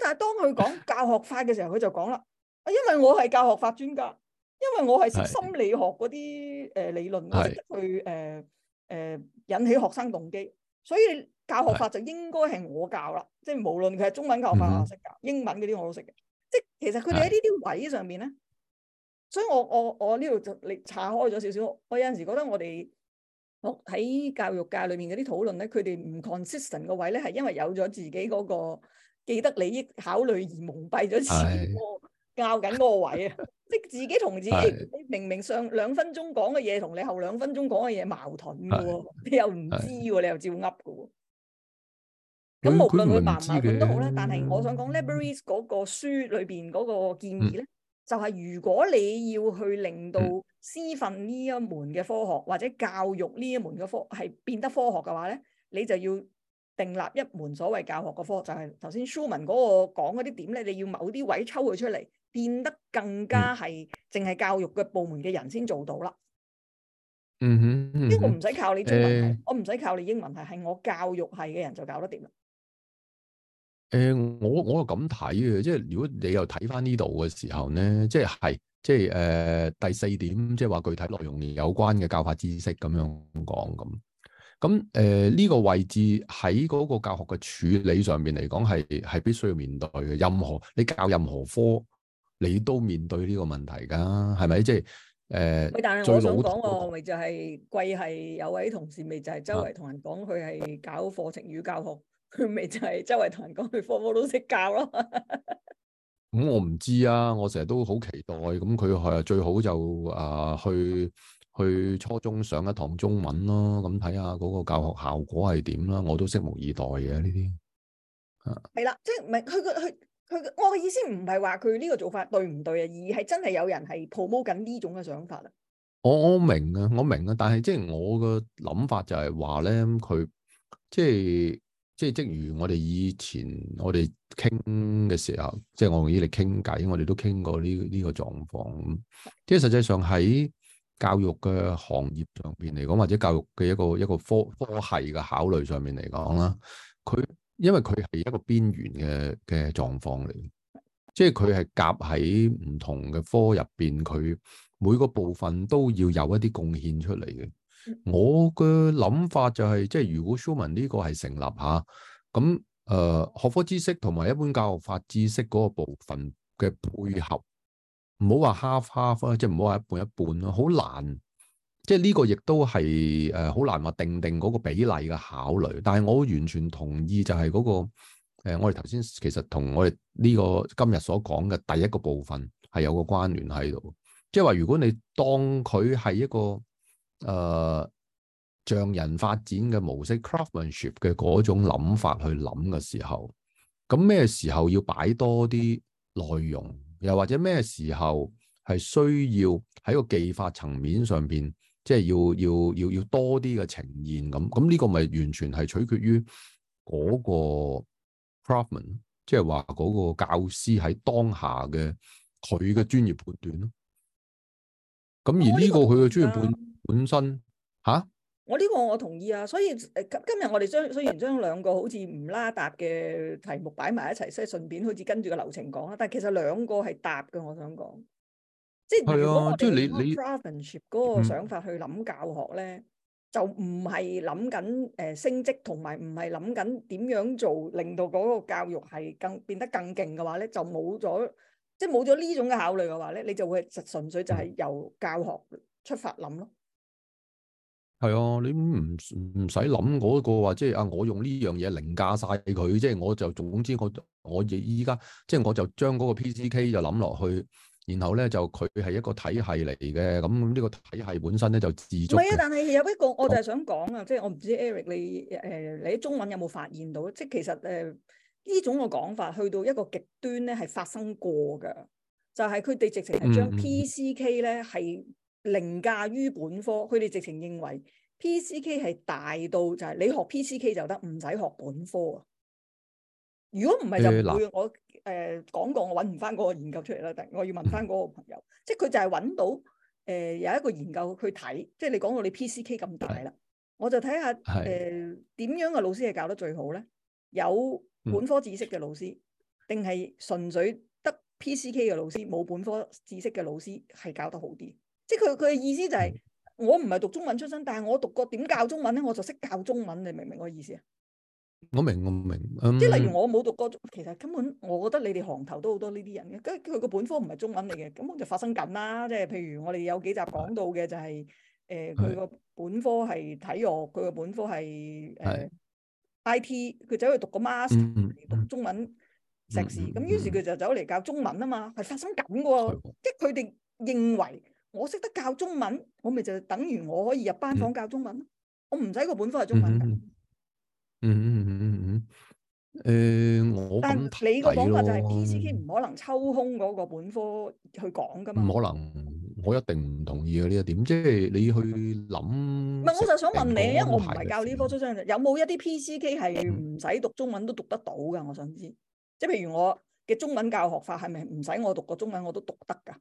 但係當佢講教學法嘅時候，佢就講啦，因為我係教學法專家，因為我係識心理學嗰啲誒理論是我識得去誒誒、呃呃、引起學生動機，所以教學法就應該係我教啦。即係無論佢係中文教學法，我識教；嗯、英文嗰啲我都識嘅。即係其實佢哋喺呢啲位上面咧。所以我我我呢度就你岔開咗少少，我有陣時覺得我哋我喺教育界裏面嗰啲討論咧，佢哋唔 consistent 個位咧，係因為有咗自己嗰個既得利益考慮而蒙蔽咗視野，教緊個位啊，即自己同自己明明上兩分鐘講嘅嘢同你後兩分鐘講嘅嘢矛盾嘅喎，你又唔知喎，你又照噏嘅喎。咁無論佢矛唔矛盾都好啦，但係我想講 Liberis 嗰個書裏邊嗰個建議咧。就係如果你要去令到師訓呢一門嘅科學或者教育呢一門嘅科係變得科學嘅話咧，你就要訂立一門所謂教學嘅科學，就係頭先蘇文嗰個講嗰啲點咧，你要某啲位抽佢出嚟，變得更加係淨係教育嘅部門嘅人先做到啦、嗯。嗯哼。呢個唔使靠你中文系，嗯、哼我唔使靠你英文系，係、嗯、哼我，我教育系嘅人就搞得掂啦。誒、呃，我我又咁睇嘅，即係如果你又睇翻呢度嘅時候咧，即係，即係誒、呃、第四點，即係話具體內容有關嘅教法知識咁樣講咁，咁誒呢個位置喺嗰個教學嘅處理上面嚟講，係係必須要面對嘅，任何你教任何科，你都面對呢個問題噶，係咪？即係誒，呃、但係我想講，我咪就係貴係有位同事咪就係周圍同人講佢係搞課程與教學。佢咪就係周圍同人講，佢科科都識教咯。咁、 嗯、我唔知啊，我成日都好期待。咁佢係最好就啊去去初中上一堂中文咯。咁睇下嗰個教學效果係點啦。我都拭目以待嘅呢啲。係啦、啊，即係唔係佢個佢佢，我嘅意思唔係話佢呢個做法對唔對啊，而係真係有人係 promote 緊呢種嘅想法啊。我我明啊，我明啊，但係即係我嘅諗法就係話咧，佢即係。即係，正如我哋以前我哋傾嘅時候，即係我以嚟傾偈，我哋都傾過呢呢個狀況。即係實際上喺教育嘅行業上邊嚟講，或者教育嘅一個一個科科系嘅考慮上面嚟講啦，佢因為佢係一個邊緣嘅嘅狀況嚟，即係佢係夾喺唔同嘅科入邊，佢每個部分都要有一啲貢獻出嚟嘅。我嘅諗法就係、是，即係如果 Shulman 呢個係成立吓，咁、啊、誒、呃，學科知識同埋一般教育法知識嗰個部分嘅配合，唔好話 half half 咯，即係唔好話一半一半咯，好難。即係呢個亦都係誒，好、呃、難話定定嗰個比例嘅考慮。但係我完全同意就、那個，就係嗰個誒，我哋頭先其實同我哋呢個今日所講嘅第一個部分係有個關聯喺度。即係話，如果你當佢係一個。誒，匠、呃、人發展嘅模式，craftmanship 嘅嗰種諗法去諗嘅時候，咁咩時候要擺多啲內容，又或者咩時候係需要喺個技法層面上邊，即係要要要要多啲嘅呈現咁，咁呢個咪完全係取決於嗰個 craftman，即係話嗰個教師喺當下嘅佢嘅專業判斷咯。咁而呢個佢嘅專業判斷本身吓，我呢個我同意啊。所以誒今日我哋將雖然將兩個好似唔拉搭嘅題目擺埋一齊，即係順便好似跟住個流程講啊，但係其實兩個係搭嘅，我想講，即係、啊、如果我你、你、provenship 嗰個想法去諗教學咧，嗯、就唔係諗緊誒升職，同埋唔係諗緊點樣做，令到嗰個教育係更變得更勁嘅話咧，就冇咗即係冇咗呢種嘅考慮嘅話咧，你就會純粹就係由教學出發諗咯。嗯係啊，你唔唔使諗嗰個話，即係啊，我用呢樣嘢凌駕晒佢，即係我就總之我我亦依家即係我就將嗰個 PCK 就諗落去，然後咧就佢係一個體系嚟嘅，咁呢個體系本身咧就自足。唔係啊，但係有一個，我就係想講啊，好即係我唔知 Eric 你誒，你喺中文有冇發現到？即係其實誒呢、呃、種嘅講法，去到一個極端咧，係發生過噶，就係佢哋直情係將 PCK 咧係。嗯凌駕於本科，佢哋直情認為 P.C.K 係大到就係你學 P.C.K 就得，唔使學本科啊。如果唔係就會我誒、嗯呃、講過，我搵唔翻嗰個研究出嚟啦。但係我要問翻嗰個朋友，嗯、即係佢就係搵到誒、呃、有一個研究去睇，即係你講到你 P.C.K 咁大啦，是我就睇下誒點是、呃、樣嘅老師係教得最好咧？有本科知識嘅老師，定係、嗯、純粹得 P.C.K 嘅老師，冇本科知識嘅老師係教得好啲？即係佢佢嘅意思就係，我唔係讀中文出身，但係我讀過點教中文咧，我就識教中文。你明唔明我意思啊？我明我明，即係例如我冇讀過，其實根本我覺得你哋行頭都好多呢啲人嘅。佢佢個本科唔係中文嚟嘅，咁就發生緊啦。即係譬如我哋有幾集講到嘅就係，誒佢個本科係體育，佢個本科係誒 IT，佢走去讀個 master 讀中文碩士，咁於是佢就走嚟教中文啊嘛，係發生緊嘅喎。即係佢哋認為。我識得教中文，我咪就等於我可以入班房教中文咯。嗯、我唔使個本科係中文嘅。嗯。嗯嗯嗯嗯嗯誒、嗯嗯，我但你個講法就係 PCK 唔可能抽空嗰個本科去講噶嘛？唔可能，我一定唔同意嘅呢一點，即係你去諗。唔係、嗯，我就想問你因為我唔係教呢科出身，有冇一啲 PCK 係唔使讀中文都讀得到噶？我想知，即係譬如我嘅中文教學法係咪唔使我讀過中文我都讀得噶？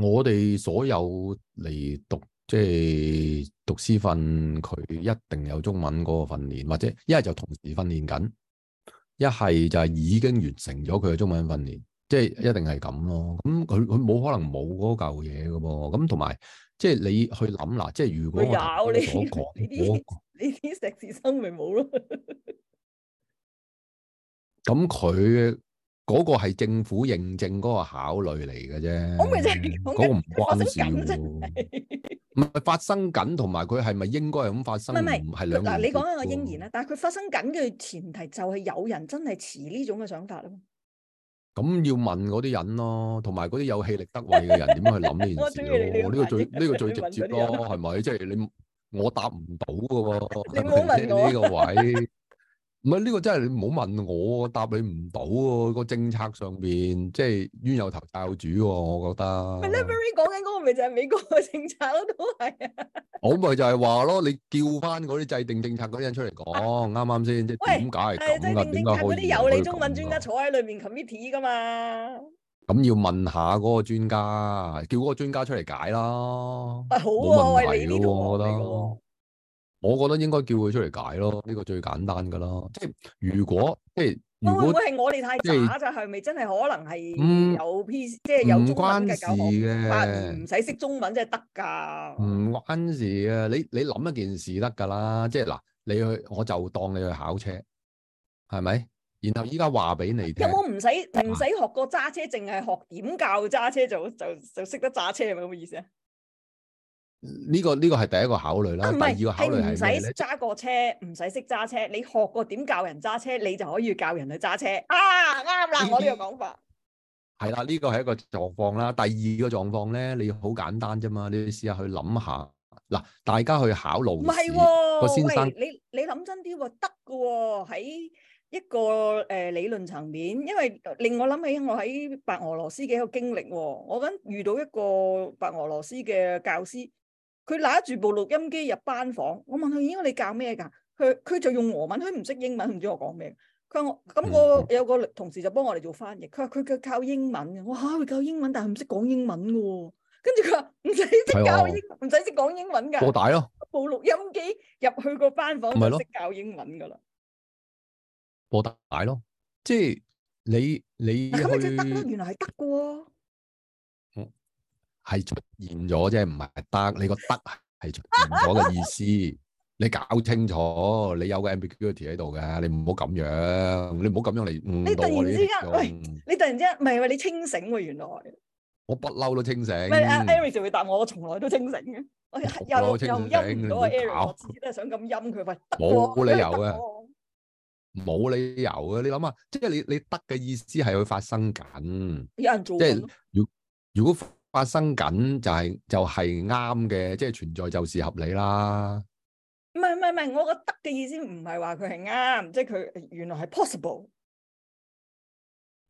我哋所有嚟讀即係讀師訓，佢一定有中文嗰個訓練，或者一係就同時訓練緊，一係就係已經完成咗佢嘅中文訓練，即係一定係咁咯。咁佢佢冇可能冇嗰嚿嘢噶噃。咁同埋即係你去諗嗱，即係如果我所講，哎、你我呢啲碩士生咪冇咯。咁 佢、嗯。嗰個係政府認證嗰個考慮嚟嘅啫，嗰個唔關事喎，唔係發生緊，同埋佢係咪應該係咁發生？唔係唔係，係兩嗱你講一個英賢啦，但係佢發生緊嘅前提就係有人真係持呢種嘅想法咯。咁要問嗰啲人咯，同埋嗰啲有氣力得位嘅人點去諗呢件事呢 個，個最呢、呢個最直接咯，係咪？即、就、係、是、你我答唔到噶喎，你冇問過呢個位。我問我 唔係呢個真係你唔好問我、啊，答你唔到、啊個政策上邊，即係冤有頭債有主、啊。我覺得。咪 leverage 講緊嗰個咪就係美國嘅政策咯，都係啊。我咪就係話咯，你叫翻嗰啲制定政策嗰啲人出嚟講，啱啱先即係點解係咁啊？點解、啊、可以，佢哋有啲中文專家坐喺裏面 committee 噶嘛，咁要問下嗰個專家，叫嗰個專家出嚟解啦。啊好啊，我係你我度得！我覺得應該叫佢出嚟解咯，呢個最簡單噶啦。即係如果即係，會唔會係我哋太渣就係咪真係可能係有 p 即係有中文嘅教學，唔使識中文即係得㗎。唔關事嘅，你你諗一件事得㗎啦。即係嗱，你去我就當你去考車，係咪？然後依家話俾你聽，有冇唔使唔使學過揸車，淨係學點教揸車就就就識得揸車係咪咁嘅意思啊？呢、這個呢、這個係第一個考慮啦，啊、第二個考慮係唔使揸過車，唔使識揸車，你學過點教人揸車，你就可以教人去揸車。啊啱，啦，我呢個講法係啦，呢、這個係、這個、一個狀況啦。第二個狀況咧，你好簡單啫嘛，你試，試去下去諗下嗱，大家去考路試個先生，你你諗真啲得㗎喎，喺、哦、一個誒、呃、理論層面，因為令我諗起我喺白俄羅斯嘅一個經歷、哦，我咁遇到一個白俄羅斯嘅教師。佢拿住部錄音機入班房，我問佢，應該你教咩噶？佢佢就用俄文，佢唔識英文，唔知我講咩。佢話我咁，我有個同事就幫我哋做翻譯。佢話佢佢教英文嘅，我吓佢教英文，但係唔識講英文嘅。跟住佢話唔使識教英，唔使識講英文噶。播大咯，部錄音機入去個班房就識教英文噶啦。播大咯，即係你你去。咁咪就得咯，原來係得嘅。係出現咗，即係唔係得？你個得係出現咗嘅意思，你搞清楚。你有個 ambiguity 喺度嘅，你唔好咁樣，你唔好咁樣嚟。你突然之間，喂！你突然之間，唔係喂！你清醒喎，原來我不嬲都清醒。咪阿 Eric 就會答我，我從來都清醒嘅，我又又陰唔到阿 Eric，我自己都係想咁陰佢，喂！冇理由嘅，冇理由嘅。你諗下，即係你你得嘅意思係會發生緊，有人做，即係如如果。發生緊就係、是、就係啱嘅，即、就、係、是、存在就是合理啦。唔係唔係唔係，我覺得嘅意思唔係話佢係啱，即係佢原來係 possible。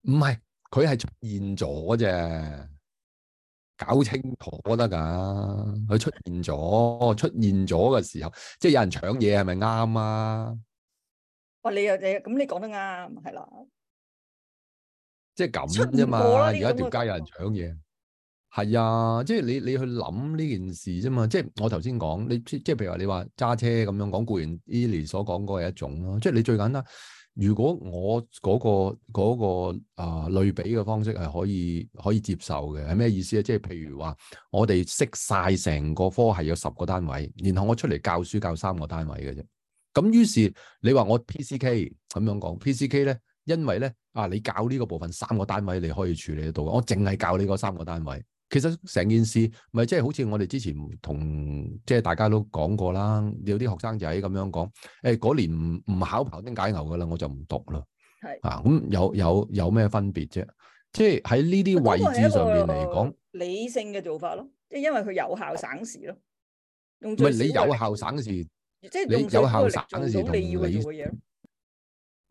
唔係，佢係出現咗啫，搞清楚得噶。佢出現咗，出現咗嘅時候，即、就、係、是、有人搶嘢，係咪啱啊？喂，你又你咁，你講得啱，係啦。即係咁啫嘛，而家條街有人搶嘢。係啊，即係你你去諗呢件事啫嘛，即係我頭先講，你即係譬如話你話揸車咁樣講，固然 Eli 所講嗰係一種咯，即係你最簡單。如果我嗰、嗰個嗰、嗰個啊、呃、類比嘅方式係可以可以接受嘅，係咩意思啊？即係譬如話我哋識晒成個科系有十個單位，然後我出嚟教書教三個單位嘅啫。咁於是你話我 PCK 咁樣講 PCK 咧，因為咧啊，你教呢個部分三個單位你可以處理得到，我淨係教你嗰三個單位。其實成件事咪即係好似我哋之前同即係大家都講過啦，有啲學生仔咁樣講，誒、欸、嗰年唔唔考庖丁解牛噶啦，我就唔讀啦。係是啊，咁、嗯、有有有咩分別啫？即係喺呢啲位置上邊嚟講，理性嘅做法咯，即係因為佢有效省時咯，用最少，唔係你有效省時，即係有效省時同唔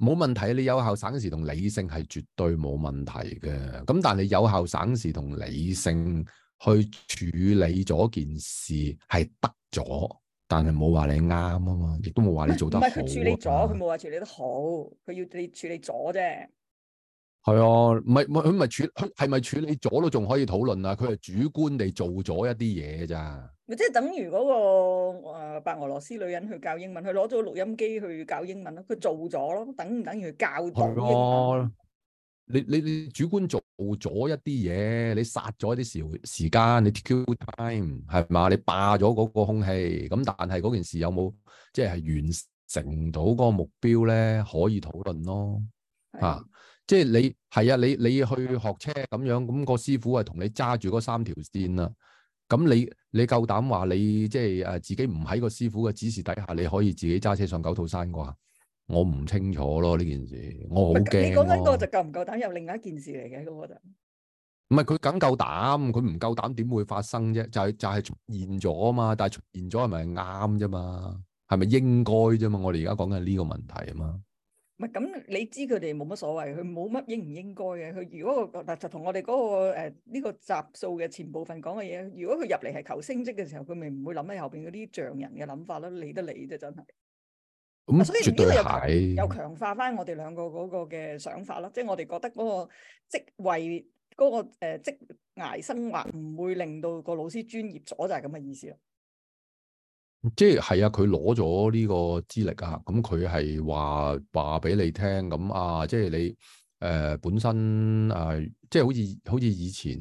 冇問題，你有效省時同理性係絕對冇問題嘅。咁但係你有效省時同理性去處理咗件事係得咗，但係冇話你啱啊嘛，亦都冇話你做得唔係佢處理咗，佢冇話處理得好，佢要你處理咗啫。係啊，唔係唔係佢咪處係咪處理咗都仲可以討論啊？佢係主觀地做咗一啲嘢嘅咋，咪即係等於嗰個誒白俄羅斯女人去教英文，佢攞咗個錄音機去教英文咯，佢做咗咯，等唔等於教到英文？係咯，你你你主觀做咗一啲嘢，你殺咗啲時時間，你 kill time 係嘛？你霸咗嗰個空氣，咁但係嗰件事有冇即係完成到嗰個目標咧？可以討論咯，吓。即係你係啊！你你去學車咁樣，咁個師傅啊同你揸住嗰三條線啦。咁你你夠膽話你即係誒自己唔喺個師傅嘅指示底下，你可以自己揸車上九肚山啩？我唔清楚咯呢件事，我好驚。你講緊個就夠唔夠膽，又另外一件事嚟嘅，我覺得。唔係佢梗夠膽，佢唔夠膽點會發生啫？就係就係出現咗啊嘛！但係出現咗係咪啱啫嘛？係咪應該啫嘛？我哋而家講緊呢個問題啊嘛。唔係咁，你知佢哋冇乜所謂，佢冇乜應唔應該嘅。佢如果我、那個嗱就同我哋嗰個誒呢個集數嘅前部分講嘅嘢，如果佢入嚟係求升職嘅時候，佢咪唔會諗喺後邊嗰啲象人嘅諗法咯，理得你啫，真係。咁、嗯、所以呢個又有又強，強化翻我哋兩個嗰個嘅想法咯，即、就、係、是、我哋覺得嗰個職位嗰、那個誒職涯、那個、生活唔會令到個老師專業咗，就係咁嘅意思啦。即係啊，佢攞咗呢個資歷啊，咁佢係話話俾你聽，咁啊，即係你誒、呃、本身誒、啊，即係好似好似以前，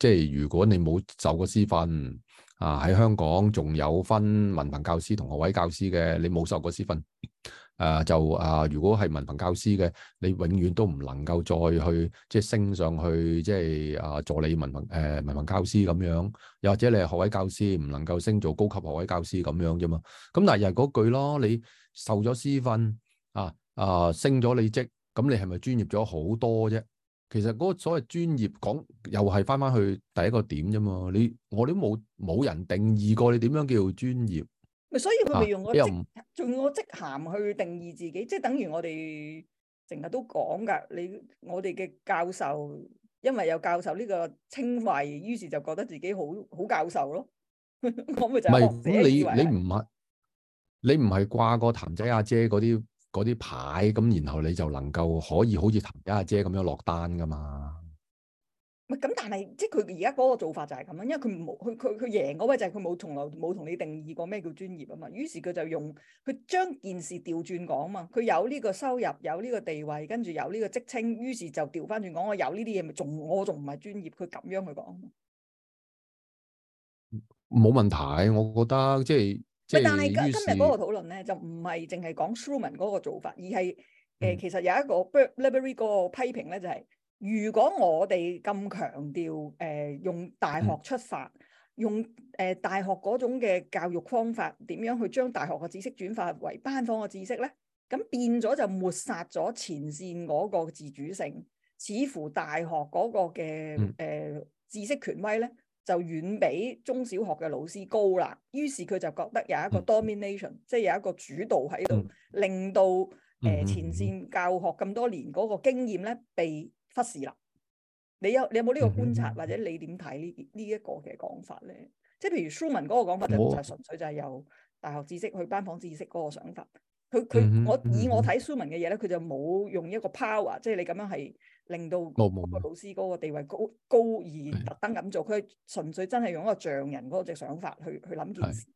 即係如果你冇受過師訓啊，喺香港仲有分文憑教師同學位教師嘅，你冇受過師訓。誒、呃，就啊、呃，如果係文憑教師嘅，你永遠都唔能夠再去即係升上去，即係啊、呃、助理文憑誒、呃、文憑教師咁樣，又或者你係學位教師，唔能夠升做高級學位教師咁樣啫嘛。咁、嗯、但係又係嗰句咯，你受咗師訓啊啊，升咗你職，咁、嗯嗯、你係咪專業咗好多啫？其實嗰個所謂專業講，又係返返去第一個點啫嘛。你我都冇冇人定義過你點樣叫專業。咪所以佢咪用我職，啊、用我職銜去定義自己，即、就、係、是、等於我哋成日都講噶，你我哋嘅教授，因為有教授呢個稱謂，於是就覺得自己好好教授咯。 我咪就是學者以為。咪咁你你唔係，你唔係掛個譚仔阿姐嗰啲啲牌，咁然後你就能夠可以好似譚仔阿姐咁樣落單噶嘛？咪咁，但係即係佢而家嗰個做法就係咁樣，因為佢冇，佢佢佢贏嗰位就係佢冇從來冇同你定義過咩叫專業啊嘛，於是佢就用佢將件事調轉講啊嘛，佢有呢個收入，有呢個地位，跟住有呢個職稱，於是就調翻轉講我有呢啲嘢，咪仲我仲唔係專業？佢咁樣去講，冇問題，我覺得即係即係。但係今今日嗰個討論咧，就唔係淨係講 Shulman 嗰個做法，而係誒，其實有一個 Berkeley 嗰個批評咧，就係。如果我哋咁強調誒、呃、用大學出發，用誒、呃、大學嗰種嘅教育方法，點樣去將大學嘅知識轉化為班房嘅知識呢？咁變咗就抹殺咗前線嗰個自主性，似乎大學嗰個嘅誒、呃、知識權威呢，就遠比中小學嘅老師高啦。於是佢就覺得有一個 domination，、嗯、即係有一個主導喺度，令到誒、呃、前線教學咁多年嗰個經驗呢，被。忽視啦，你有你有冇呢個觀察，或者你點睇呢呢一個嘅講法咧？即係譬如蘇文嗰個講法就就係哦、純粹就係有大學知識去班房知識嗰個想法。佢佢，嗯、哼我以我睇蘇文嘅嘢咧，佢就冇用一個 power，嗯、哼即係你咁樣係令到嗰個老師嗰個地位高，嗯、哼高而特登咁做，佢，嗯、哼的係純粹真係用一個匠人嗰隻想法去去諗件事。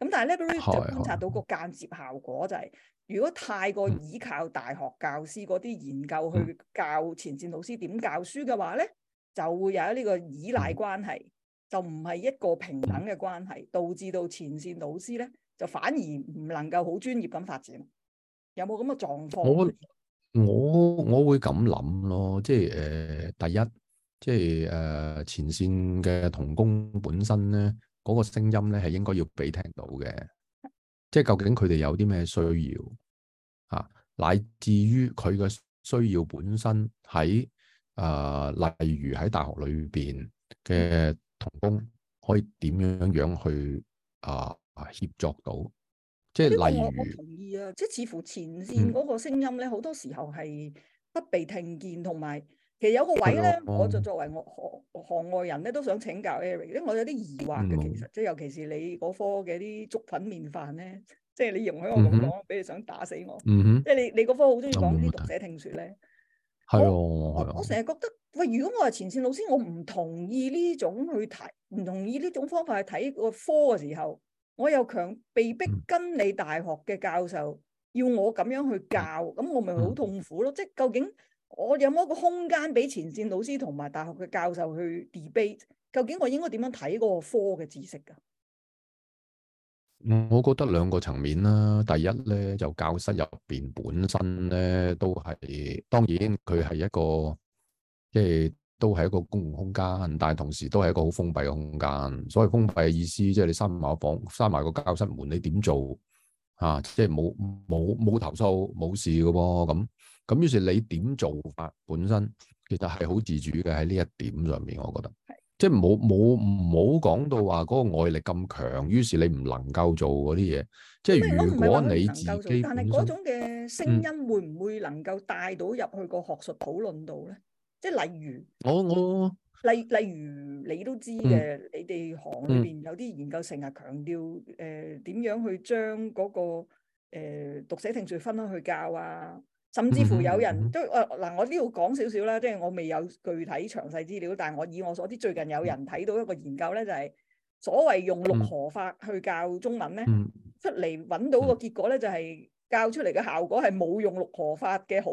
咁但係 library 就觀察到個間接效果就係、是，是如果太過依靠大學教師嗰啲研究去教前線老師點教書嘅話咧，就會有呢個依賴關係，是就唔係一個平等嘅關係，導致到前線老師咧就反而唔能夠好專業咁發展。有冇咁嘅狀況？我我我會咁諗咯，即係誒、呃、第一，即係誒、呃、前線嘅同工本身咧。嗰個聲音咧係應該要俾聽到嘅，即係究竟佢哋有啲咩需要啊，乃至於佢嘅需要本身喺啊、呃，例如喺大學裏邊嘅同工可以點樣樣去啊啊協助到，即係例如同意啊，即係似乎前線嗰個聲音咧，好、嗯、多時候係不被聽見同埋。其實有個位咧，嗯、我就作為我行行外人咧，都想請教 Eric，因為我有啲疑惑嘅，嗯、其實即係尤其是你嗰科嘅啲粥粉麵飯咧，即係你容許我咁講，俾、嗯、你想打死我，嗯、即係你你嗰科好中意講啲讀寫聽説咧，係啊、嗯嗯嗯，我成日覺得喂，如果我係前線老師，我唔同意呢種去睇，唔同意呢種方法去睇個科嘅時候，我又強被逼跟你大學嘅教授要、嗯嗯嗯嗯嗯嗯、我咁樣去教，咁我咪好痛苦咯，即係究竟？我有冇一個空間俾前線老師同埋大學嘅教授去 debate？究竟我應該點樣睇嗰個科嘅知識噶？我覺得兩個層面啦，第一咧就教室入邊本身咧都係，當然佢係一個即係都係一個公共空間，但係同時都係一個好封閉嘅空間。所謂封閉嘅意思，即係你閂埋個房、閂埋個教室門，你點做啊？即係冇冇冇投訴冇事嘅喎咁。咁於是你點做法本身其實係好自主嘅。喺呢一點上面，我覺得，即係冇冇冇講到話嗰個外力咁強，於是你唔能夠做嗰啲嘢，即係如果你自己，但係嗰種嘅聲音會唔會能夠帶到入去個學術討論度咧？即係例如，我我例例如你都知嘅，你哋行裏邊有啲研究成日強調誒點樣去將嗰個誒讀寫程序分開去教啊。甚至乎有人都，嗱，我呢度講少少啦，即係我未有具體詳細資料，但係我以我所知，最近有人睇到一個研究咧，就係所謂用六何法去教中文咧，出嚟揾到個結果咧，就係教出嚟嘅效果係冇用六何法嘅好。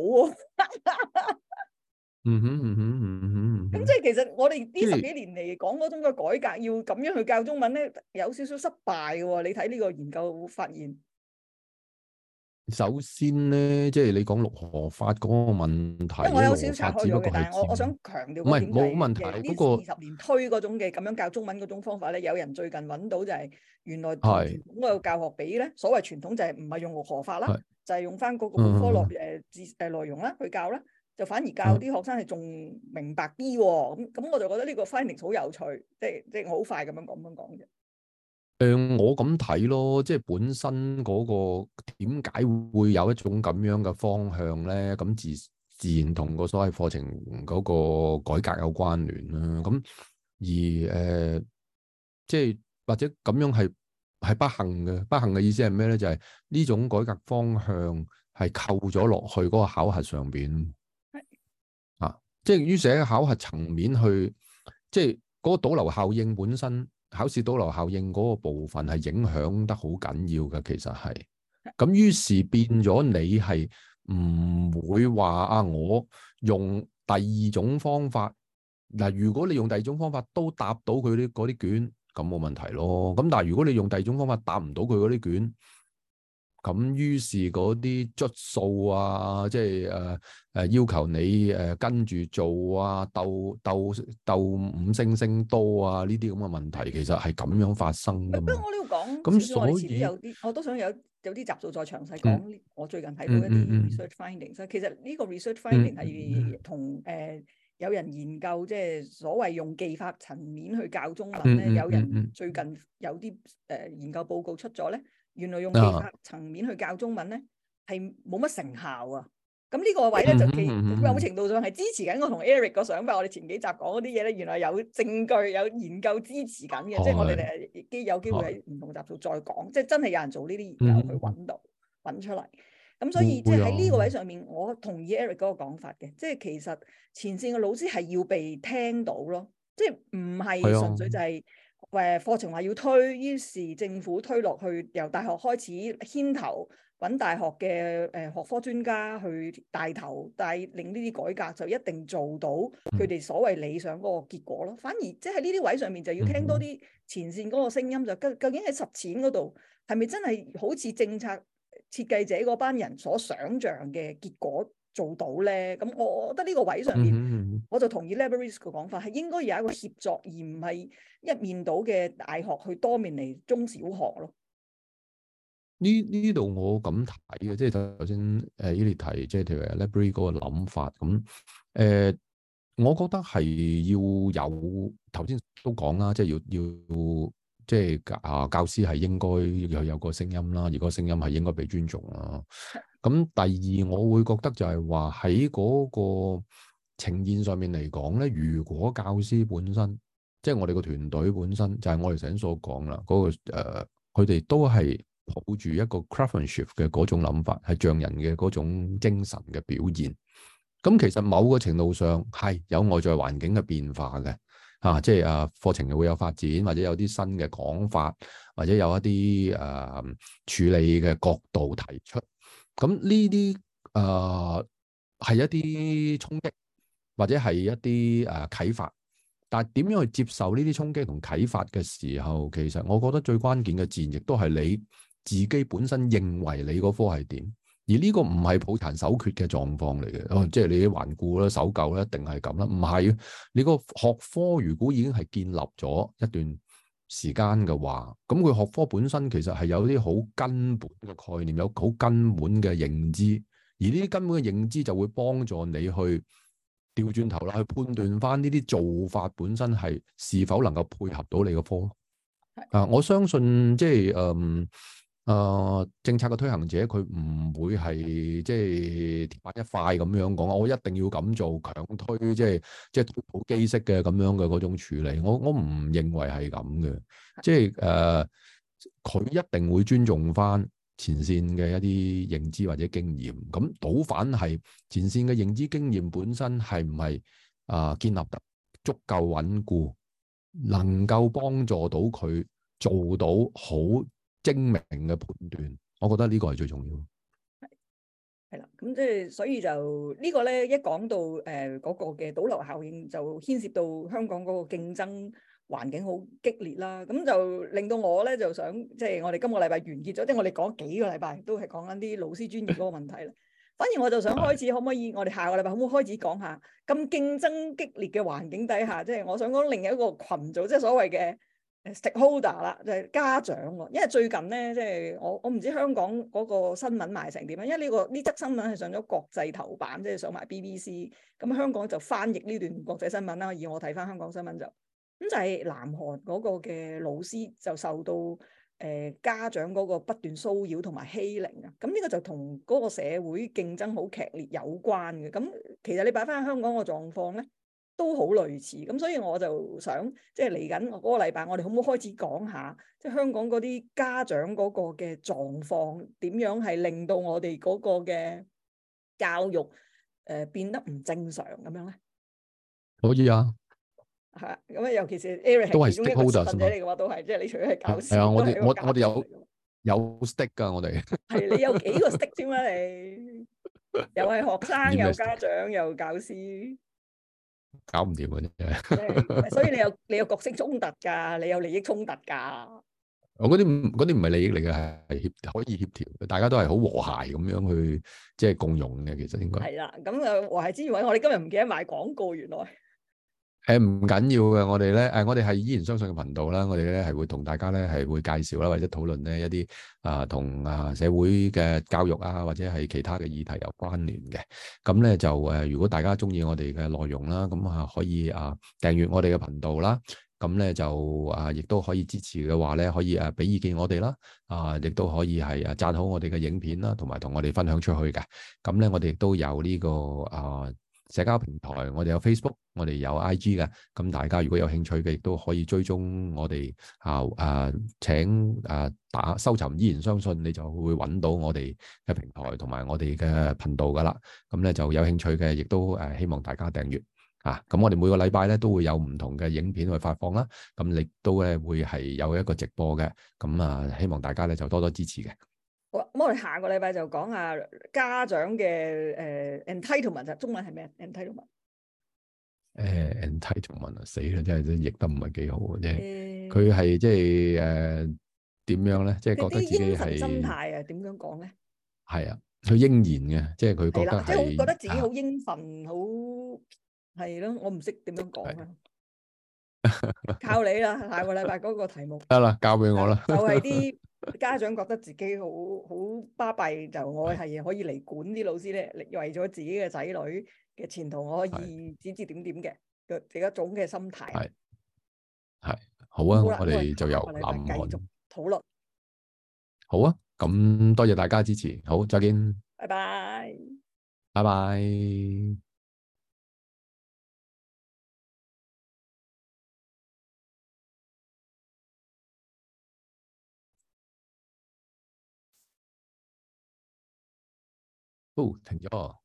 嗯哼嗯哼嗯哼。咁即係其實我哋呢十幾年嚟講嗰種嘅改革，要咁樣去教中文咧，有少少失敗嘅喎。你睇呢個研究發現。首先咧，即、就、係、是、你講六何法嗰個問題，因為我有少少差咗嘅。但係我我想強調，唔係冇問題。的不過二十年推嗰種嘅咁樣教中文嗰種方法咧，有人最近揾到就係、是、原來傳統嗰個教學比咧，是所謂傳統就係唔係用六何法啦，是就係用返嗰個科落誒字誒內容啦去教啦，就反而教啲學生係仲明白啲喎。咁咁是我就覺得呢個 finding 好有趣，即係即係好快咁樣講咁樣講啫。誒、呃，我咁睇咯，即係本身嗰個點解會有一種咁樣嘅方向咧？咁自自然同個所謂課程嗰個改革有關聯啦、啊。咁而誒、呃，即係或者咁樣係係不幸嘅，不幸嘅意思係咩咧？就係、是、呢種改革方向係扣咗落去嗰個考核上邊。啊，即係於是喺考核層面去，即係嗰個倒流效應本身。考試倒流效應嗰個部分係影響得好緊要嘅，其實係咁，於是變咗你係唔會話啊，我用第二種方法嗱、啊，如果你用第二種方法都答到佢啲啲卷，咁冇問題咯。咁但係如果你用第二種方法答唔到佢嗰啲卷。咁於是嗰啲質素啊，即係誒誒要求你誒、啊、跟住做啊，鬥鬥鬥五星星多啊，呢啲咁嘅問題其實係咁樣發生。不過我都要講，咁所以遲啲有啲、嗯、我都想有有啲集數再詳細講。嗯、我最近睇到一啲 research finding、嗯嗯、其實呢個 research finding 係同誒、呃、有人研究即係所謂用技法層面去教中文咧，有人最近有啲誒研究報告出咗咧。原來用其他層面去教中文咧，係冇乜成效啊！咁呢個位咧就其，某、嗯嗯嗯、程度上係支持緊我同 Eric 個想法。我哋前幾集講嗰啲嘢咧，原來有證據、有研究支持緊嘅，哦、即係我哋哋機有機會喺唔同集數再講，哦、即係真係有人做呢啲研究去揾到、揾出嚟。咁所以、嗯、即係喺呢個位上面，我同意 Eric 嗰個講法嘅，即係其實前線嘅老師係要被聽到咯，即係唔係純粹就係、嗯。誒課程話要推，於是政府推落去，由大學開始牽頭揾大學嘅誒、呃、學科專家去帶頭，帶領呢啲改革就一定做到佢哋所謂理想嗰個結果咯。反而即係喺呢啲位上面就要聽多啲前線嗰個聲音，就究竟喺實踐嗰度係咪真係好似政策設計者嗰班人所想像嘅結果？做到咧，咁我覺得呢個位上面，mm hmm. 我就同意 Labyrinth 講法，係應該有一個協作，而唔係一面倒嘅大學去多面嚟中小學咯。呢呢度我咁睇嘅，即係頭先誒 Elitie 即係譬如 Labyrinth 個諗法咁誒、呃，我覺得係要有頭先都講啦，即係要要即係啊教師係應該有有個聲音啦，而個聲音係應該被尊重啊。 咁第二，我會覺得就係話喺嗰個呈現上面嚟講咧，如果教師本身，即、就、係、是、我哋個團隊本身，就係、是、我哋上一所講啦，嗰個誒，佢、呃、哋都係抱住一個 craftsmanship 嘅嗰種諗法，係匠人嘅嗰種精神嘅表現。咁其實某個程度上係有外在環境嘅變化嘅，啊，即係啊，課程又會有發展，或者有啲新嘅講法，或者有一啲誒、呃、處理嘅角度提出。咁呢啲誒係一啲衝擊，或者係一啲誒、呃、啟發。但係點樣去接受呢啲衝擊同啟發嘅時候，其實我覺得最關鍵嘅自然，亦都係你自己本身認為你嗰科係點。而呢個唔係抱殘守缺嘅狀況嚟嘅。哦，即係你頑固啦、守舊啦，一定係咁啦。唔係，你個學科如果已經係建立咗一段時間嘅話，咁佢學科本身其實係有啲好根本嘅概念，有好根本嘅認知，而呢啲根本嘅認知就會幫助你去調轉頭啦，去判斷翻呢啲做法本身係是是否能夠配合到你個科。啊，我相信即係誒。嗯啊、呃，政策嘅推行者佢唔會係即係鐵板一塊咁樣講，我一定要咁做強推，即係即係好機式嘅咁樣嘅嗰種處理。我我唔認為係咁嘅，即係誒，佢、呃、一定會尊重翻前線嘅一啲認知或者經驗。咁倒反係前線嘅認知經驗本身係唔係啊建立得足夠穩固，能夠幫助到佢做到好。精明嘅判斷，我覺得呢個係最重要。係係啦，咁即係所以就呢個咧，一講到誒嗰個嘅倒流效應，就牽涉到香港嗰個競爭環境好激烈啦。咁就令到我咧就想，即係我哋今個禮拜完結咗，即係我哋講幾個禮拜都係講緊啲老師專業嗰個問題啦。 反而我就想開始，的可唔可以我哋下個禮拜可唔可以開始講下咁競爭激烈嘅環境底下，即係我想講另一個群組，即係所謂嘅。誒，Stakeholder 啦，就係、是、家長喎，因為最近咧，即、就、係、是、我我唔知香港嗰個新聞賣成點，因為呢、這個呢則新聞係上咗國際頭版，即、就、係、是、上埋 BBC，咁香港就翻譯呢段國際新聞啦。以我睇翻香港新聞就，咁就係南韓嗰個嘅老師就受到誒、呃、家長嗰個不斷騷擾同埋欺凌啊，咁呢個就同嗰個社會競爭好劇烈有關嘅。咁其實你擺翻香港個狀況咧？都好類似，咁所以我就想，即係嚟緊嗰個禮拜，我哋可唔可以開始講下，即係香港嗰啲家長嗰個嘅狀況點樣係令到我哋嗰個嘅教育誒變得唔正常咁樣咧？可以啊，係啊，咁啊，尤其是 Eric 係其中一個 stakeholder 嚟嘅話，都係即係你除咗係教師，係啊，我哋我我哋有有 stick 噶，我哋係你有幾個 stick 啫嘛？你又係學生，又家長，又教師。搞唔掂嘅啫，所以你有 你有角色衝突噶，你有利益衝突噶。我嗰啲啲唔係利益嚟噶，係協可以協調，大家都係好和諧咁樣去即係共用嘅。其實應該係啦，咁啊和諧之餘，我哋今日唔記得買廣告，原來。誒，唔緊、欸、要嘅，我哋咧，誒、啊，我哋係依然相信嘅頻道啦。我哋咧係會同大家咧係會介紹啦，或者討論呢一啲啊同啊社會嘅教育啊，或者係其他嘅議題有關聯嘅。咁咧就誒、呃，如果大家中意我哋嘅內容啦，咁啊可以啊訂閱我哋嘅頻道啦。咁咧就啊，亦都、啊、可以支持嘅話咧，可以誒俾、啊、意見我哋啦。啊，亦都可以係啊讚好我哋嘅影片啦，同埋同我哋分享出去嘅。咁咧，我哋亦都有呢、這個啊。社交平台我哋有 Facebook，我哋有 IG 嘅，咁大家如果有興趣嘅，亦都可以追蹤我哋啊，啊，請啊打搜尋，依然相信你就會揾到我哋嘅平台同埋我哋嘅頻道噶啦。咁咧就有興趣嘅，亦都誒希望大家訂閱啊。咁我哋每個禮拜咧都會有唔同嘅影片去發放啦。咁亦都咧會係有一個直播嘅。咁啊，希望大家咧就多多支持嘅。我，咁我哋下個禮拜就講下家長嘅誒 entitlement，就中文係咩？entitlement，誒，entitlement 死啦！真係真譯得唔係幾好嘅啫。佢係即係誒點樣咧？即係覺得自己係心態啊？點樣講咧？係啊，佢應份嘅，即係佢覺得係覺得自己好應份，好係咯。我唔識點樣講啊。靠你啦！下個禮拜嗰個題目得啦，交俾我啦，就係啲。家長覺得自己好好巴閉，就我係可以嚟管啲老師咧，是為咗自己嘅仔女嘅前途，我可以指指點點嘅，另是一種嘅心態。係，係好啊！我哋就由南韓繼續討論。好啊！咁多謝大家支持，好，再見，拜拜 bye，拜拜。哦，停咗，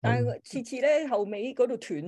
但係次次咧後尾嗰度斷咗。